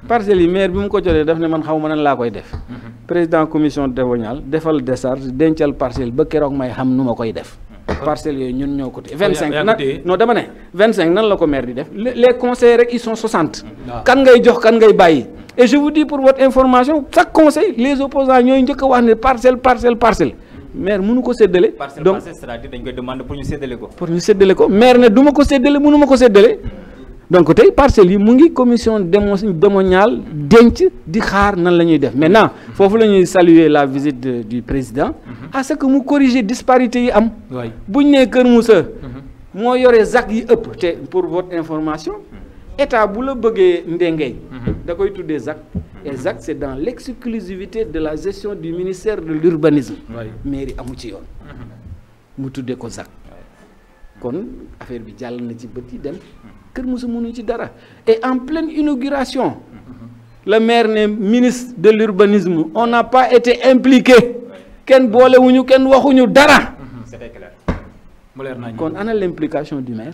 parcelle parcelles yi maire bi mu ko jotee daf ne man xaw ma nan la koy def mhm. président commission dévoniale defal décharge dencal parcelle ba keroog may xam numa koy def mhm. parcelles ñun ñoko 25 na non dama né 25 nan la ko maire di def les conseillers rek ils sont 60 ah. kan ngay jox kan ngay et je vous dis pour votre information chaque conseil les opposants ñoy ñëk wax ne parcelle parcelle parcelle maire mënu ko sédélé donc c'est-à-dire dañ koy demander pour ñu séddale ko. pour ñu sédélé ko maire ne du ma ko séddale mënu ma ko séddale. donc tey parcelles yi mu ngi commission démo domaniale denc di xaar nan lañuy def maintenant fofu lañuy saluer la visite de, du président. Mhm. à ce que mu corriger disparité yi am. buñ né Kër Moussa. Mhm. moo yore ZAC yi ëpp te pour votre information. Mhm état bu la bëggee mbengeeñ mhm. da koy tuddé ZAC et c'est dans l'exclusivité de la gestion du ministère de l'urbanisme mairie amu ci yone mhm. mu tuddé ko ZAC kon affaire bi jall na ci bët dem mhm. keur ci dara et en pleine inauguration le maire ne ministre de l'urbanisme on n'a pas été impliqué bolé wuñu ken waxuñu dara c'était clair nañ kon ana l'implication du maire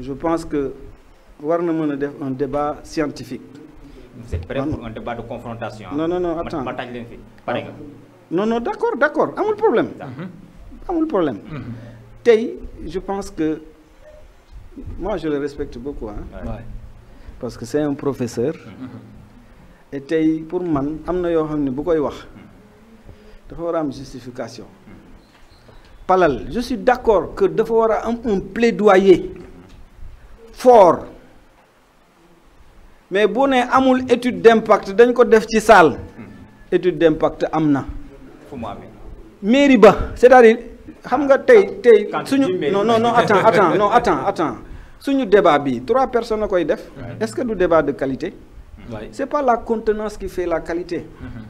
je pense que war na un débat scientifique. vous êtes prêt pour un débat de confrontation. non non non attends ma taaj ah. non non d'accord, d'accord. Pas problème. amul problème. Mm-hmm. Mm-hmm. je pense que moi je le respecte beaucoup hein. Ouais. parce que c'est un professeur. Mm-hmm. et tei pour moi, il y a beaucoup de bu koy wax dafa a justification. palal je suis d'accord que il avoir un plaidoyer fort mais on a amul étude d'impact dañ ko def ci salle étude d'impact Amna. na. ba c'est-à-dire xam nga tay tay suñu non non non attends attends non attends attends suñu débat bi trois personnes def. est-ce que du débat de qualité. ce c'est pas la contenance qui fait la qualité. Mm-hmm.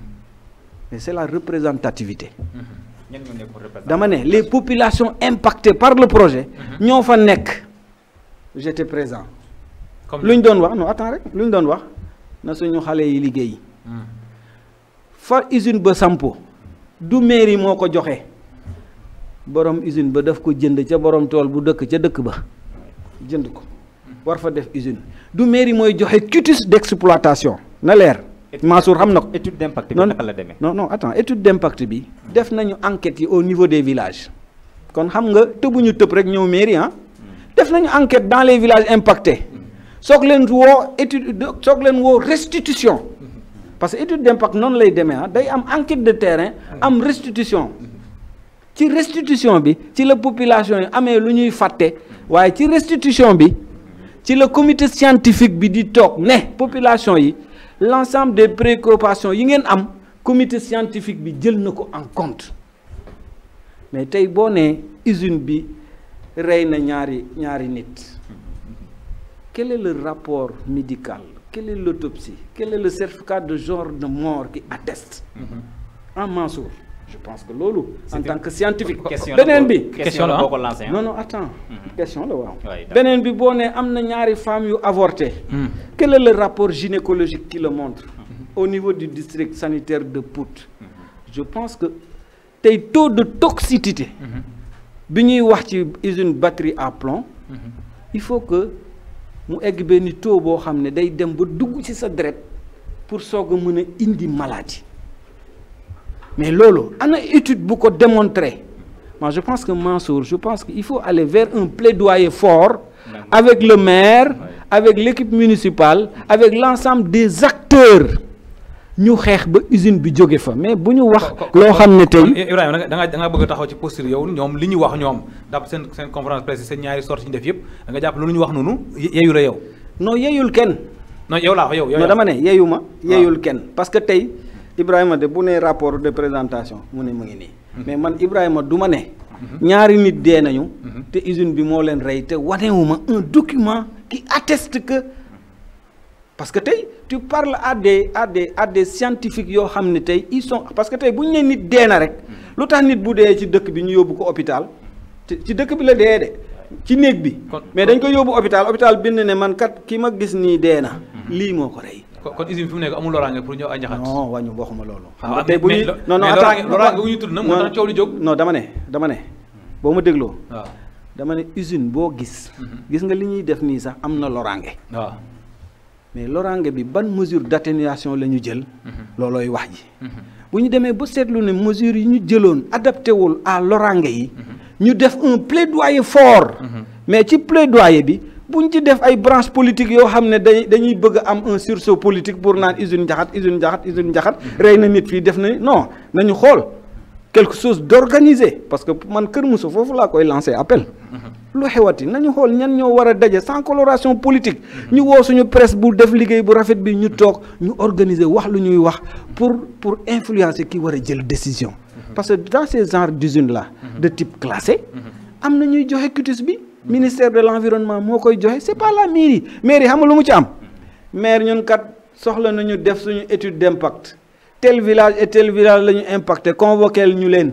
mais c'est la représentativité. Mm-hmm. dama les populations impactées par le projet. nous mm-hmm. fa nekk j'étais présent. comme de noir, non attends rek lu ñu wax hmm. fa usine ba sampo du mairie borom usine ba daf ko jënd une borom tool bu dëkk ca dëkk ba ko war fa def usine du mairie de d'exploitation na y étude d'impact bi non non attends étude d'impact bi def nañu enquête au niveau des villages kon xam nga mairie hein? def une enquête dans les villages impactés Ce leen woo étude soog restitution parce que étude d'impact non lay démé ah enquête de terrain am restitution ci restitution bi ci la population est amee lu ñuy ci restitution bi ci le comité scientifique bi di tok population population yi l'ensemble des préoccupations yi ngén am comité scientifique bi jël nako en compte mais tay bon nee usine bi Réine Nyari quel est le rapport médical quelle est l'autopsie quel est le certificat de genre de mort qui atteste en mm-hmm. Mansour je pense que Lolo, en tant que scientifique (laughs) question hein? non non attends mm-hmm. question mm. quel est le rapport gynécologique qui le montre mm-hmm. au niveau du district sanitaire de Pout je pense que Tes taux de toxicité biñuy wax ci usine batterie à plomb il faut que mu egg benn taux bo xamné ne day dem ba dugg ci sa deret pour soog a indi maladie mais lolo, ana étude bu ko démontrer moi je pense que Mansour je pense qu'il faut aller vers un plaidoyer fort avec le maire avec l'équipe municipale avec l'ensemble des acteurs ñu xeex ba usine bi jóge fa mais bu ñu wax. loo xam ne tey Ibrahima da nga bëgg taxaw ci posture yow ñoom li ñu wax ñoom dàpp seen seen conférence presse seen ñaari sorties ñu def yëpp da nga jàpp loolu ñu wax noonu yeeyu la yow. non yeeyul kenn. non yow laa yow yow non dama ne yeeyu ma. Ah. yeeyul kenn parce que tey Ibrahima de bu nee rapport de présentation mu ne mu ngi nii. Hmm. mais man Ibrahima du ma ne. Hmm. ñaari nit dee nañu. Hmm. te usine bi moo leen rey te wanewuma un document qui atteste que. parce que tey tu parles à des à des yoo xam ne tey ils sont parce que tey bu ñu nee nit dee na rek mm-hmm. lu tax nit bu dee ci dëkk bi ñu yóbbu ko hôpital ci dëkk bi la dee de ci néeg bi mais dañ ko yóbbu hôpital hôpital bind ne man kat ki ma gis nii dee na mm-hmm. lii moo ko rey kon usine fi mu nekk amul loraange pour ñëw ay njaxat non wañu waxuma loolu xam ah, nga ah, tey bu ñuy non non attends loraange wu dama ne boo ma dégloo ah. dama ne usine boo gis mm-hmm. gis nga li ñuy def nii sax am na loraange mais loraange bi ban mesure d'atténuation lañu jël. Mhm. loloy wax ji. buñu mhm. démé bu sétlu né mesure yi ñu jëlone adapté wul à loraange yi. Mhm. ñu def un plaidoyer fort. mais ci plaidoyer bi buñ ci def ay branche politique yo xamné ne dañuy bëgg am un sursaut politique pour naan usine njaxat usine njaxat usine njaxat. rey na nit fi def na non nañu xol quelque chose d'organisé parce que man Kër Moussa fofu la koy lancer appel lu xewati nañu xool ñan ñoo war a sans coloration politique ñu woo suñu presse bu def le bu rafet bi ñu travail, ñu organiser wax lu ñuy wax pour pour influencer qui war a jël décision parce que dans ces genres dusine là de type classé am na ñuy joxe cutis bi ministère de l'environnement moo koy joxe c'est pas la mairie mairie xam nga lu mu ci am maire ñun kat soxla nañu def suñu étude d'impact tel village et tel village la ñu impacté convoqué ñu leen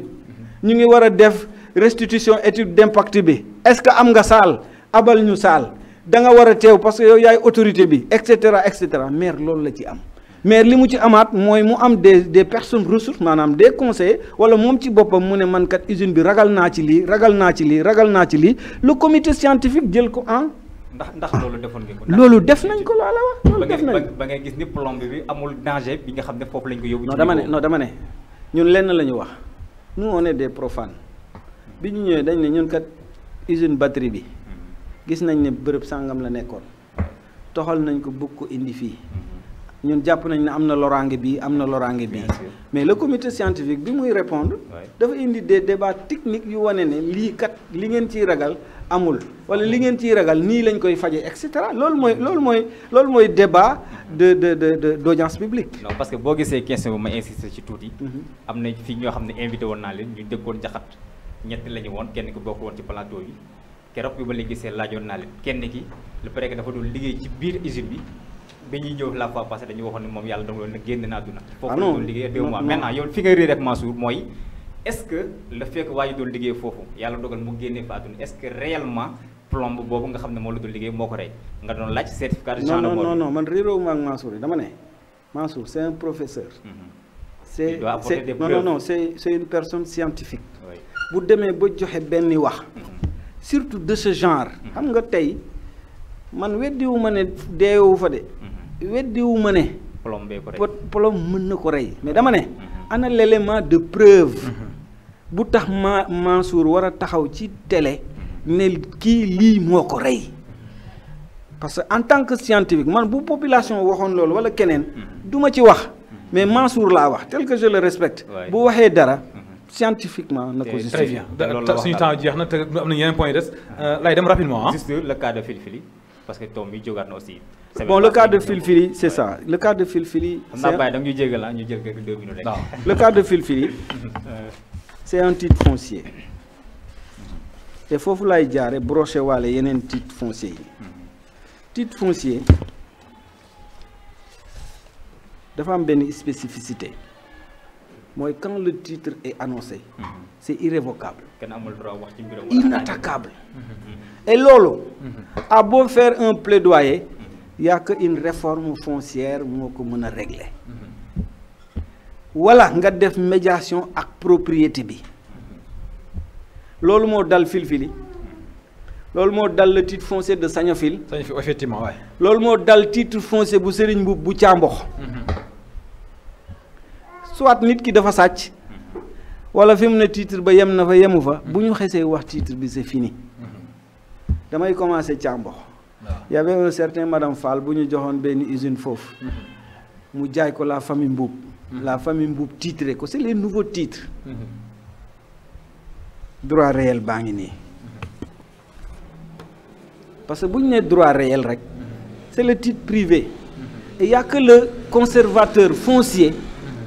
ñu ngi war def restitution étude d'impact bi est-ce que am nga sal abal ñu sal da nga wara a parce que yow yaay autorité bi Etc. Etc. et cetera maire loolu la ci am maire limu ci amat moy mu am des des personnes ressources manam des conseils, wala mom ci bopam mu ne man kat usine bi ragal na ci li ragal na ci li ragal na ci li le comité scientifique jël ko en. ndax ndax loolu defoon ngeen ko. loolu def nañ ko lola wax loolu def nañ ba ngay gis ni plomb bi amul danger bi nga xamne fofu lañ ko yóbbu. non dama ne non dama ne ñun lenn lañu wax nous on est des profanes. bi ñu ñëwee dañ né ñun kat usine batterie bi gis nañ né bërepp sangam la nekkoon toxal nañ ko bëgg ko indi fi ñun japp nañ né amna na bi amna am bi mais le comité scientifique bi muy répondre dafa indi des débats techniques yu wone né li kat li ngeen ci ragal amul wala li ngeen ci ragal ni lañ koy faje et cetera lool moy lool moy lool moy débat de de de de d'audience publique. non parce que bo gisé question bu ma insister ci touti mhm. amna fi ñoo xamné invité woon leen ñu déggoon jaxat. ñett la woon kenn ki bokk woon ci plateau bi keroog bi ma leen gisee laajoon naa leen kenn ki le préfet dafa doon liggéey ci biir usine bi bi ñuy ñëw la fois passée dañu waxoon ne moom yàlla dogaloon na génn na ah la doon liggéey deux mois maintenant yow mooy est-ce que le fait que doon liggéey foofu yàlla dogal mu génnee fa àdduna est-ce que réellement plomb boobu nga xam ne moo la doon liggéey moo ko rey nga doon laaj certificat de non non non man réeroo ma ak bu demee ba joxe benn wax surtout de ce genre xam nga tey man weddiwu ma ne deewu fa de weddiwu ma ne plomb mën na ko rey mais dama ne mhm. ana l'élément de preuve bu tax ma Mansour war a taxaw ci télé ne kii lii moo ko rey parce que en tant que scientifique man bu population waxoon loolu walla keneen mhm. du ma ci wax mais Mansour laa wax tel que je le respecte bu waxee dara scientifiquement na ko eh, justifié. très bien suñu temps jeex na te am na point yu des. Euh, lay dem rapidement hein. juste le cas de Filfili parce que Tommy, mi jógaat aussi. bon le cas de Filfili c'est ça le cas de Filfili. c'est va naa Baye da nga ñu jégal ah jël deux minutes (laughs) le cas de Filfili c'est un titre foncier. te foofu lay il broché a yeneen titre foncier yi. titre foncier dafa am une spécificité. Moi, quand le titre est annoncé mhm. c'est irrévocable inattaquable mhm. et lolo, mhm. à bon faire un plaidoyer il n'y a qu'une réforme foncière que je mën a régler wala nga def médiation ak propriété bi loolu C'est dal filfili loolu moo dal le titre foncier de Sagnofil Sagnofil effectivement ouais. Lolo, dans le titre foncier de Serigne soit nit ki dafa sàcc wala fi ne titre ba yem na fa yemu fa buñu xesse xesee wax titre bi c'est fini damay commencer Il y avait un certain madame Fall buñu joxone ben usine fof mu jaay ko la famille mboup mm-hmm. la famille mboup titré c'est les nouveaux titres mm-hmm. droit réel baa ngi parce que bu né droit réel rek mm-hmm. c'est le titre privé et y a que le conservateur foncier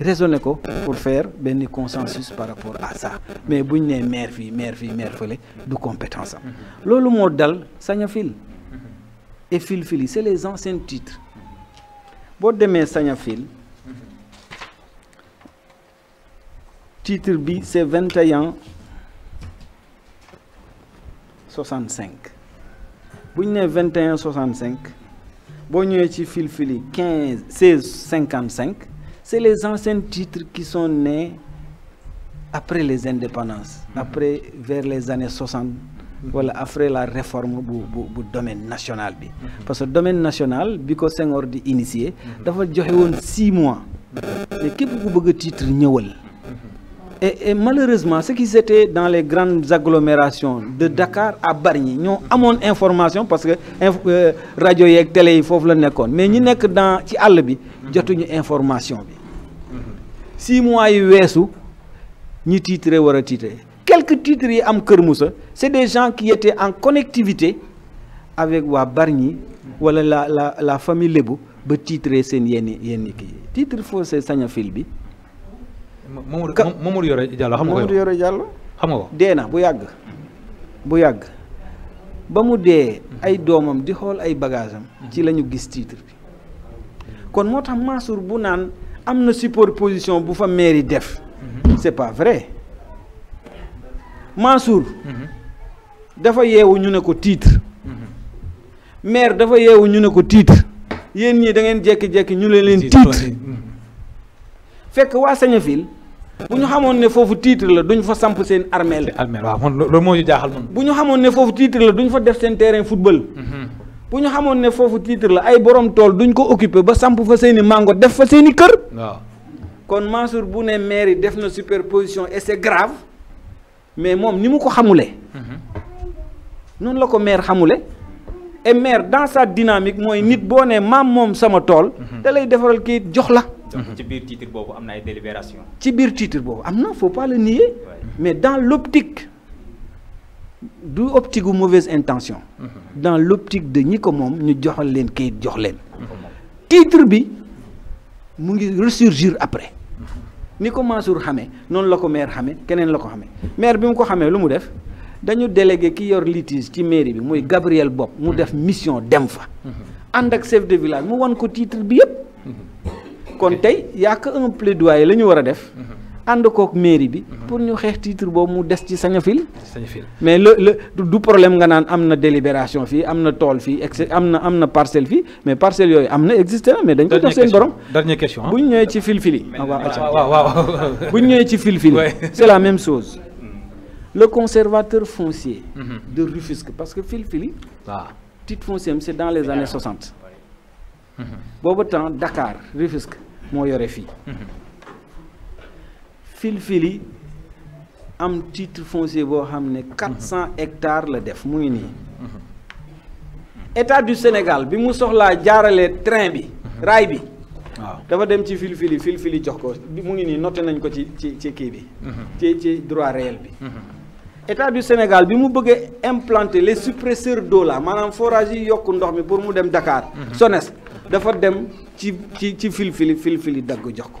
raisonné ko pour faire un consensus par rapport à ça mais bu ñu nee maire fii maire fii maire du compétence am loolu c'est le fil. et Filfili c'est les anciens titres boo demee fil titre bi c'est 21 65 bu ñu 21 65 boo ñëwee fil Filfili 15 16 55 c'est les anciens titres qui sont nés après les indépendances, après vers les années 60, voilà, après la réforme du domaine national bi. parce que domaine national bi a initié initié. initié dafa six mois. mais qui veut bëgg titre Et, malheureusement, ce qui étaient dans les grandes agglomérations de Dakar à ils nous avons information parce que euh, radio et télé, il faut le Mais ils sommes dans l'Albi, nous avons information. Bi. Si mois yu weesu ñi titre quelques titres c'est des gens qui étaient en connectivité avec wa barni Ou la la la famille Lebu, ba titré sen titre faussé fil bi. Yoré Diallo xam nga Diallo xam nga ko bu bu ba mu dé ay domam di ay ci gis titre kon motax bu pour support position bu fa maire def. Mhm. c'est pas vrai Mansour. Mhm. dafa yewu ñu ne ko titre. Mhm. maire dafa yewu ñu ne ko titre ñi da ngeen jekki jekki ñu leen titre. fekk wa Sañafil buñu xamone ne fofu titre la duñ fa samp seen armel. ñu jaaxal ne titre la terrain football buñu xamone xamoon ne titre la ay borom tol duñ ko occuper ba samp fa seeni mango def fa seeni keur kon Mansour bu ne maire def na superposition et c'est grave mais mom ni mu ko xamulé mhm. non la ko maire xamulé et maire dans sa dynamique moy nit boo ne maam moom sama tol mhm. da lay defaral ki jox la. ci biir titre bobu amna ay délibération. ci biir titre bobu amna faut pas le nier. mais dans l'optique du optique ou mauvaise intention. Mhm. dans l'optique de mhm. mhm. ni ko Le titre bi après. ni comment sur non la maire xamee keneen la ko maire bi mu ko le def délégué qui yor litige ci mairie bi Gabriel bob mu def mission dem fa. d'accès de village mu ko titre bi kon un plaidoyer ànd kook mairie bi. Mhm. pour ñu xex titre bo mu des ci Sagnafil. mais le le du problème nga nan amna délibération fi amna toll fi amna et parcelle fi mais parcelle yoy amna na existé mais dañ ko jox seen borom. dernière question hein. bu ñu ci filfili. Ah, waaw waaw bu ci filfili. c'est la même chose. Mm. le conservateur foncier. Mm-hmm. de Rufisque parce que filfili. waaw ah. titre foncier c'est dans les années 60. Mm-hmm. boobu temps Dakar Rufisque mo yoré fi mm-hmm filfili am titre foncier bo xamné 400 hectares la def ni état du Sénégal bi mu soxla jaarale train bi rail bi dafa dem ci filfili filfili jox ko mu ngi nii noté nañ ko ci ci ci bi ci ci droit réel bi état du Sénégal bi mu bëggee implanter les suppresseurs d'eau là, manam forage yi ndox mi pour mu dem Dakar SONES dafa dem ci ci ci filfili filfili dagg jox ko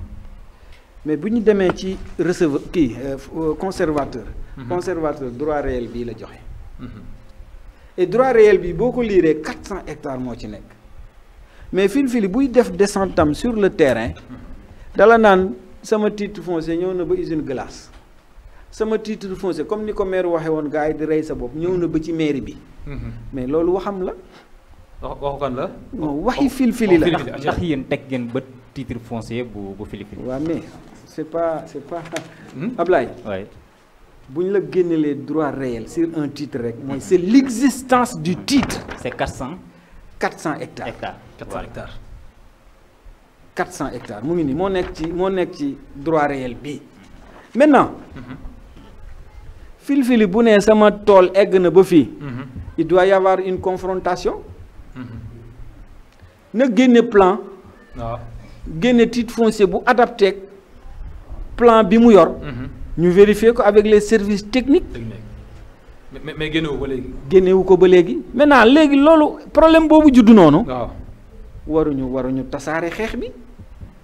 mais bu ñu demee ci receveur kii euh, euh, conservateur. Mhm. conservateur droit réel bii la joxe. Mhm. et droit réel bi boo ko 400 hectares moo ci nekk mais Filfili buy def descente am sur le terrain mhm. dala naan sama titre foncier ñëw na ba usine glace sama titre foncier comme ni ko maire waxee woon gars yi di rey sa bopp ñëw na ba ci mairie bi. mais loolu waxam la. waxu kan la. waxi Filfili la ndax yéen teg ngeen bët titre foncier pour Philippe Oui mais c'est pas c'est pas. (laughs) Hmm? Ablay, oui buñ la droits droit réel sur un titre rek c'est l'existence du titre. c'est 400. 400 hectares hectares 400 hectares. 400 hectares Mon ngi mon droit réel maintenant. Philippe vous ne sama tol egg na ba mm-hmm. il doit y avoir une confrontation. Mm-hmm. na le plan. non. Ah. génne titre foncier bu adapté plan bi mu yor. Mhm. ñu vérifier ko avec les services techniques. mais mais génnewu ko léegi. génnewu ko ba léegi maintenant léegi loolu problème boobu juddu noonu. waaw waruñu waruñu tasaare xeex bi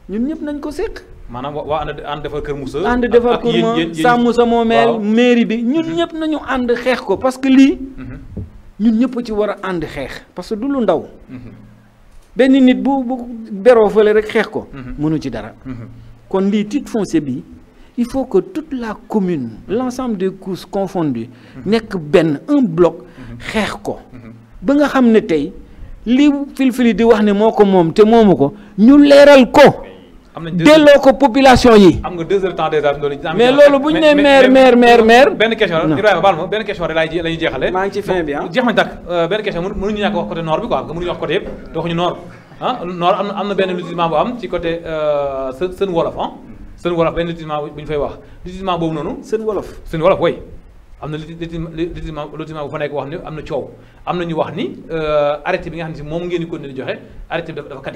ñun ñëpp nañ ko séq. maanaam waa ànd defar kër Moussa. ànd defar kër ma Sam Moussa moo meel mairie bi ñun mhm. ñëpp nañu ànd xeex ko parce que lii. Mhm. ñun ñëpp ci war a ànd xeex parce que du lu ndaw. Ben nit bu béro feulé rek xeex ko. Mhm. mënu ci dara. Mhm. kon li titre foncier bi il faut que toute la commune l'ensemble des couches confondues mhm. nek ben un bloc xeex ko ba nga xamné tay tey li filfili di wax ne moo ko moom te ñu léral ko. delloo ko population yi. am nga deux heures temps déjà mais loolu bu ñu nee maire maire maire maire. benn question ah. jeex nañu euh, bi na ah, am na benn lotissement bu am ci côté euh, sën sën ah. ñu fay wax lotissement boobu noonu. sën wolof sën wolof oui. am na am na na ñu wax ni euh, bi nga xam ne si moom ngeen di joxe arrêté dafa dafa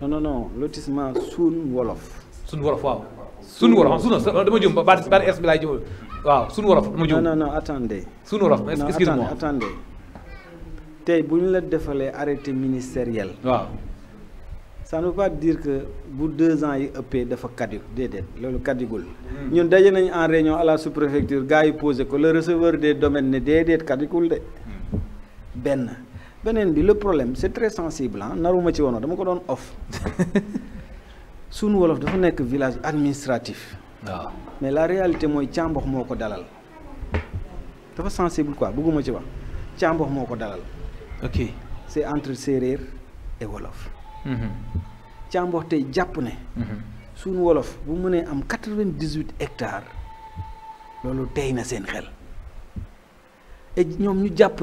non non non lotissement suun wolof. suun wolof waaw. suun wolof suun dama jëm ba baat es bi laay jëm waaw wolof non non non attendez. suun wolof excusez-moi attendez Tay, bu ñu la defalee arrêté ministériel. waaw. ça ne veut pas dire que vous, deux ans yi ëppee dafa kaddu déedéet loolu kaddugul. Hmm. ñun nous nañ en réunion à la sous-préfecture gars yi posé ko le receveur des domaines ne déedéet kaddugul de hmm. benn le problème c'est très sensible ah naruma ci wono dama ko off (laughs) sunu wolof dafa un village administratif. Ah. mais la réalité moy càmbox moko dalal dafa sensible quoi ci wax moko dalal. ok c'est entre serrer et wolof. Mhm. japonais mhm. sunu wolof bu menez am 98 hectares lolou tay na et nous, ñu japp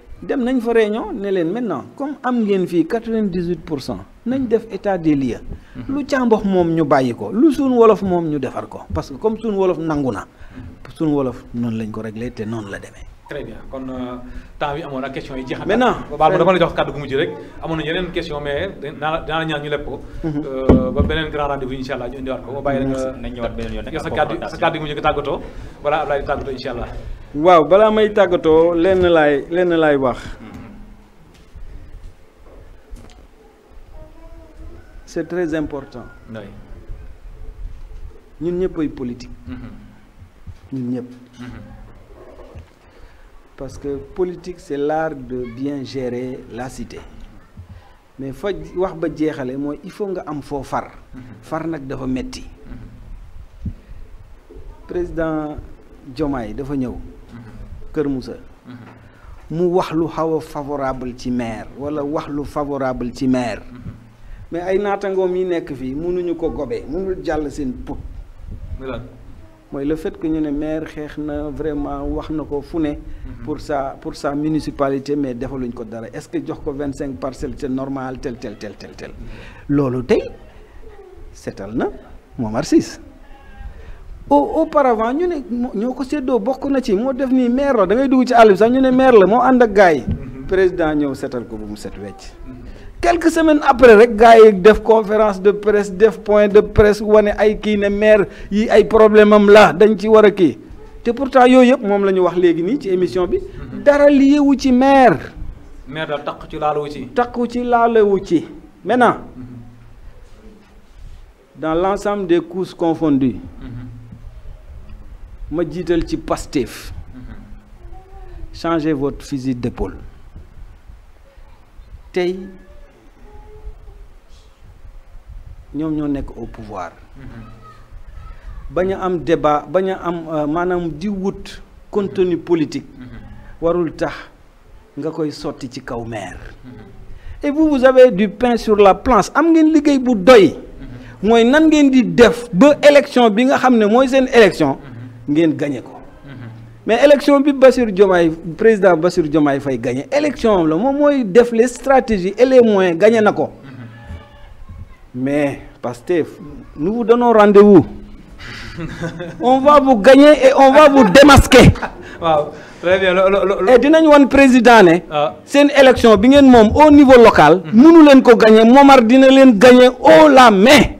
dem nañ fa réunion maintenant comme am ngeen fii 98%, nous nañ def état des lieux. Mhm. lu càmbox moom ñu bàyyi lu wolof moom ñu parce que comme suñ wolof nangu na wolof noonu lañ ko réglé la très bien kon euh, temps bi question yi baal ma dama la jox kàddu gu rek question mais dinaa la ñaan ñu mhm. euh, ba grand rendez-vous incha allah ñu indiwaat ko. ba bàyyi la waaw bala may tàggatoo lenn laay lenn laay wax c'est très important ñun ñëpp ay politique mm-hmm. ñun ñëpp mm-hmm. parce que politique c'est l'art de bien gérer la cité mais fa wax ba jeexale mooy il faut nga am foo far mm-hmm. far nag dafa metti président Diomaye dafa ñëw Kër favorable ci maire favorable maire. mais ay le fait que ñu maire vraiment wax mhm. pour sa municipalité mais defaluñ est-ce que jox ko parcelles c'est normal tel tel tel tel tel. Mhm auparavant ñu ne ñoo ko séddoo na ci mo def ni maire la da ngay dugg ci àll sax ñu ne maire la mo and ak gaay mhm. président ñew sétal ko bu mu set wécc quelques semaines après rek gaay def conférence de presse def point de presse wone ay ki ne maire yi ay problème am la dañ ci wara ki té pourtant yooyu yëpp moom la wax légui ni ci émission bi mhm. dara wu ci maire maire daal tak ci laalawu ci takku ci laalawu ci maintenant mhm. dans l'ensemble des courses confondues ma jital ci Pastef changez votre physique d'épaule tay ñom ñoo nek au pouvoir bañ am débat baña am euh, manam di wut contenu politique warul tax nga koy sorti ci kaw maire et vous vous avez du pain sur la planche am ngeen liggéey bu doy moy nan ngeen di def ba élection bi nga xam ne mooy seen élection ngeen gagné ko. mais élection bi le Diomaye président Bassir Diomaye fay gagné élection am la moom def les stratégies et les moyens gagné nako mais Pasteur, nous vous donnons rendez-vous. (laughs) on va vous gagner et on va vous démasquer. (laughs) wow très bien et dinañ président c'est une ah. élection bi au niveau local. Mhm. nous, nous ko gagner Moi, dina vais gagner haut la main.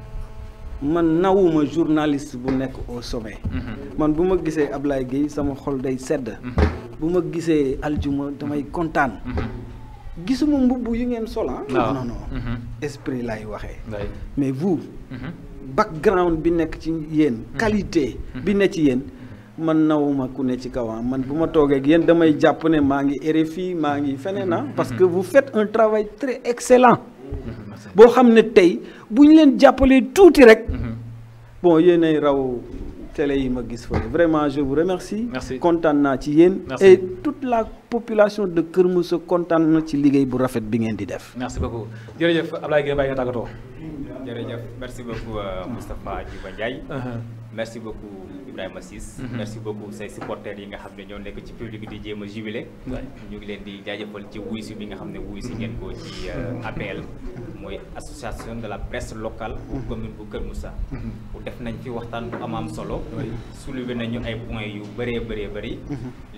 man nawuma journaliste bu au sommet. Mhm. man un ma Ablaye Gueye sama xol day sedd. Mhm. bu aljuma damay contane mhm. gisuma yu ah. Ah. non non esprit lay mais vous. background bi nek ci qualité bi ne ci man nawuma ku ne ci kawam ah. man buma RFI parce que vous faites un travail très excellent bo xam tay buñ len jappalé touti rek. Mhm. bon yéenay raw télé yi ma gis foofu vraiment je vous remercie. merci na ci yéen. et toute la population de Kër contane na ci liggéey bu rafet bi ngén di def. merci beaucoup jërëjëf Ablaye Gueye Baye tagato jërëjëf merci beaucoup euh, Mustapha Djiba Ndiaye. Uh-huh. merci beaucoup. Ibrahim Assis mhm. merci beaucoup say supporter yi nga xamne ñoo nek ci public di jema jubilé ñu ngi leen di jajeufal ci wuy ci bi nga xamne wuy ci ngeen ko ci euh, mhm. appel moy association de la presse locale pour mhm. commune bu Keur Moussa bu def nañ fi waxtaan bu am am solo soulevé nañu ay points yu bëré bëré bëri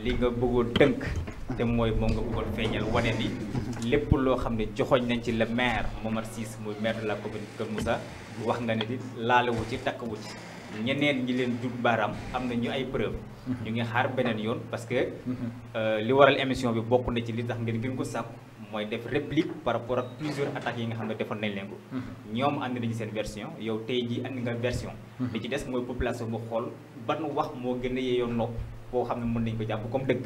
li nga bëggoon teunk té moy mo nga bëggoon feeñal wane ni lepp lo xamne ne joxoñ nañ ci le maire Momar Sis moy maire de la commune Keur Moussa wax nga ni di laalewu ci takku wu ci ñeneen ñi leen dut baram am ñu ay preuve mhm. ñu ngi xaar beneen yoon parce que mhm. euh li waral émission bi bokku na ci li tax ngeen gën ko sàkku moy def réplique par rapport ak plusieurs attaques yi nga xamne defon nañ leen ko mhm. ñom andi nañ seen version yow tay ji andi nga version li ci dess moy population bu xol ban wax mo gën a yeeyoo nopp boo xam mën nañ ko japp comme deug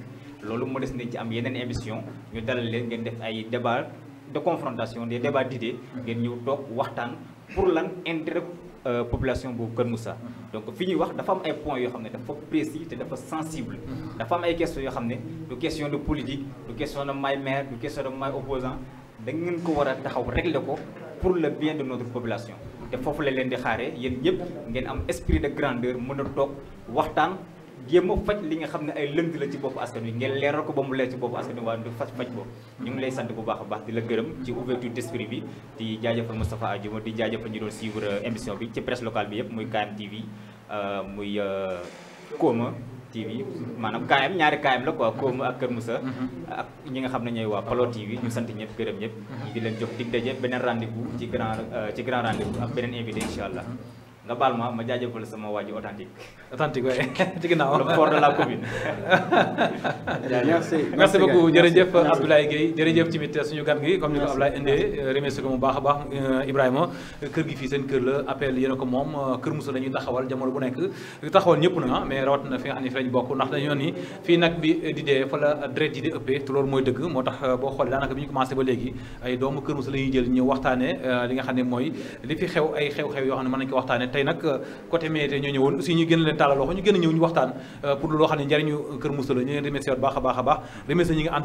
lolu mo dess nañ ci am yeneen émission ñu dalal leen ngeen def ay débat de confrontation des débats d'idées ngeen ñu tok waxtaan pour lan intérêt Euh, population bu Kër Moussa. donc fi ñuy wax dafa am ay points yo xamné dafa précis dafa sensible. dafa am ay questions yo xamné ne du question de politique du question de may maire du question de may opposant da ngeen ko wara taxaw régler ko pour le bien de notre population. te fofu la leen di xaré yeen ñëpp ngeen am esprit de grandeur mën a waxtaan. jéem a faj li nga xam ne ay lënt la ci bopp askan wi ngeen leeral ko ba mu leer ci boppu askan wi waaye du faj faj boobu ñu ngi lay sant bu baax a baax di la gërëm ci ouverture d'esprit bi di jaajëfal Moustapha Adjuma di jaajëfal ñu doon suivre émission bi ci presse locale bi yëpp muy KM TV euh, muy euh, Kooma TV maanaam KM ñaari KM la quoi ak Kër musa mm-hmm. ak ñi nga xam ne ñooy waa Palo TV ñu sant ñëpp gërëm ñëpp mm-hmm. di leen jox dig daje beneen rendiku vous ci grand euh, ci grand rendez-vous ak beneen invité allah mm-hmm. nga baal ma ma jaajëfal sama waa ji authentique. (laughs) authentique waaye (laughs) ci ginnaaw. le port de la (laughs) jërëjëf Abdoulaye Guèye jërëjëf tamit suñu gan gi comme ni ko Abdoulaye indee remercié ko mu baax a baax euh, Ibrahima kër gi fii seen kër la appel yéen a ko moom Kër Moussa la ñuy taxawal jamono bu nekk taxawal ñëpp na mais rawat na fi nga xam ne fi lañ bokk ndax dañoo ni fii nag bi di dee fa la dret di ëppee te loolu mooy dëgg moo tax euh, boo xoolee daanaka bi ñu commencé ba léegi ay Kër Moussa la jël ñu waxtaane euh, li nga xam ne mooy li xew ay xew yoo xam ne mën nañ ko waxtaane tey nag euh, côté Médina ñoo ñëwoon aussi ñu gën leen tàllal loxo ñu gën a ñëw ñu waxtaan euh, pour loo xam ne njëriñu euh, Kër Moussa ñu leen remercier baax a baax a baax remercier ñi nga ah,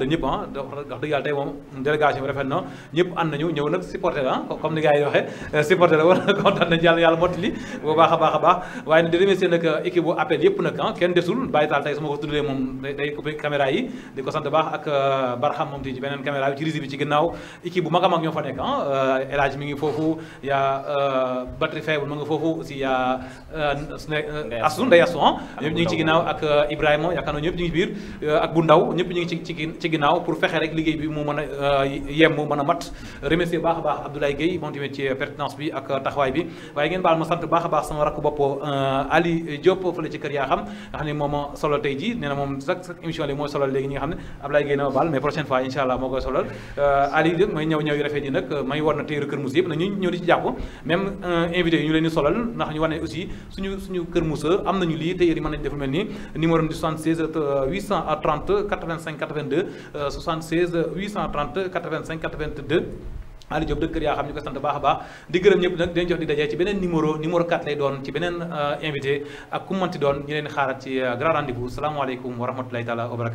ànd nañu ñëw nag supporter ah, comme ni gars yi waxee supporter la (laughs) war kontaan nañ yàlla yàlla mottali bu baax a baax a baax waaye di remercier nag équipe bu appel yëpp nag ah, kenn desul bàyyi taal tey su ma ko tuddee moom day coupé caméra yi di ko baax ak Barham moom ti aussi y' a Assou Ndeye Assou ñëpp ñu ngi ci ginnaaw ak Ibrahima yaakaar naa ñu ngi biir euh, ak bu ndaw ñëpp ñu ngi ci ginnaaw pour fexe rek liggéey bi mu mën a euh, yem a mat remercier a baax Abdoulaye Gueye ci pertinence ak euh, taxawaay bi waaye a a solo tey jii nee na moom chaque chaque ñu ñëw ci jàpp même invité yi ñu leen solal ndax ñu wane aussi suñu suñu Kër Moussa am nañu li te yéen mën def lu numéro 76 85 82 76 830 85 82. xam ñu ko sant baax baax di gërëm ñëpp nag dinañ jox di ci numéro numéro 4 lay doon ci beneen euh, invité ak ku mënti doon ñu leen xaarat ci euh, grand rendez taala wa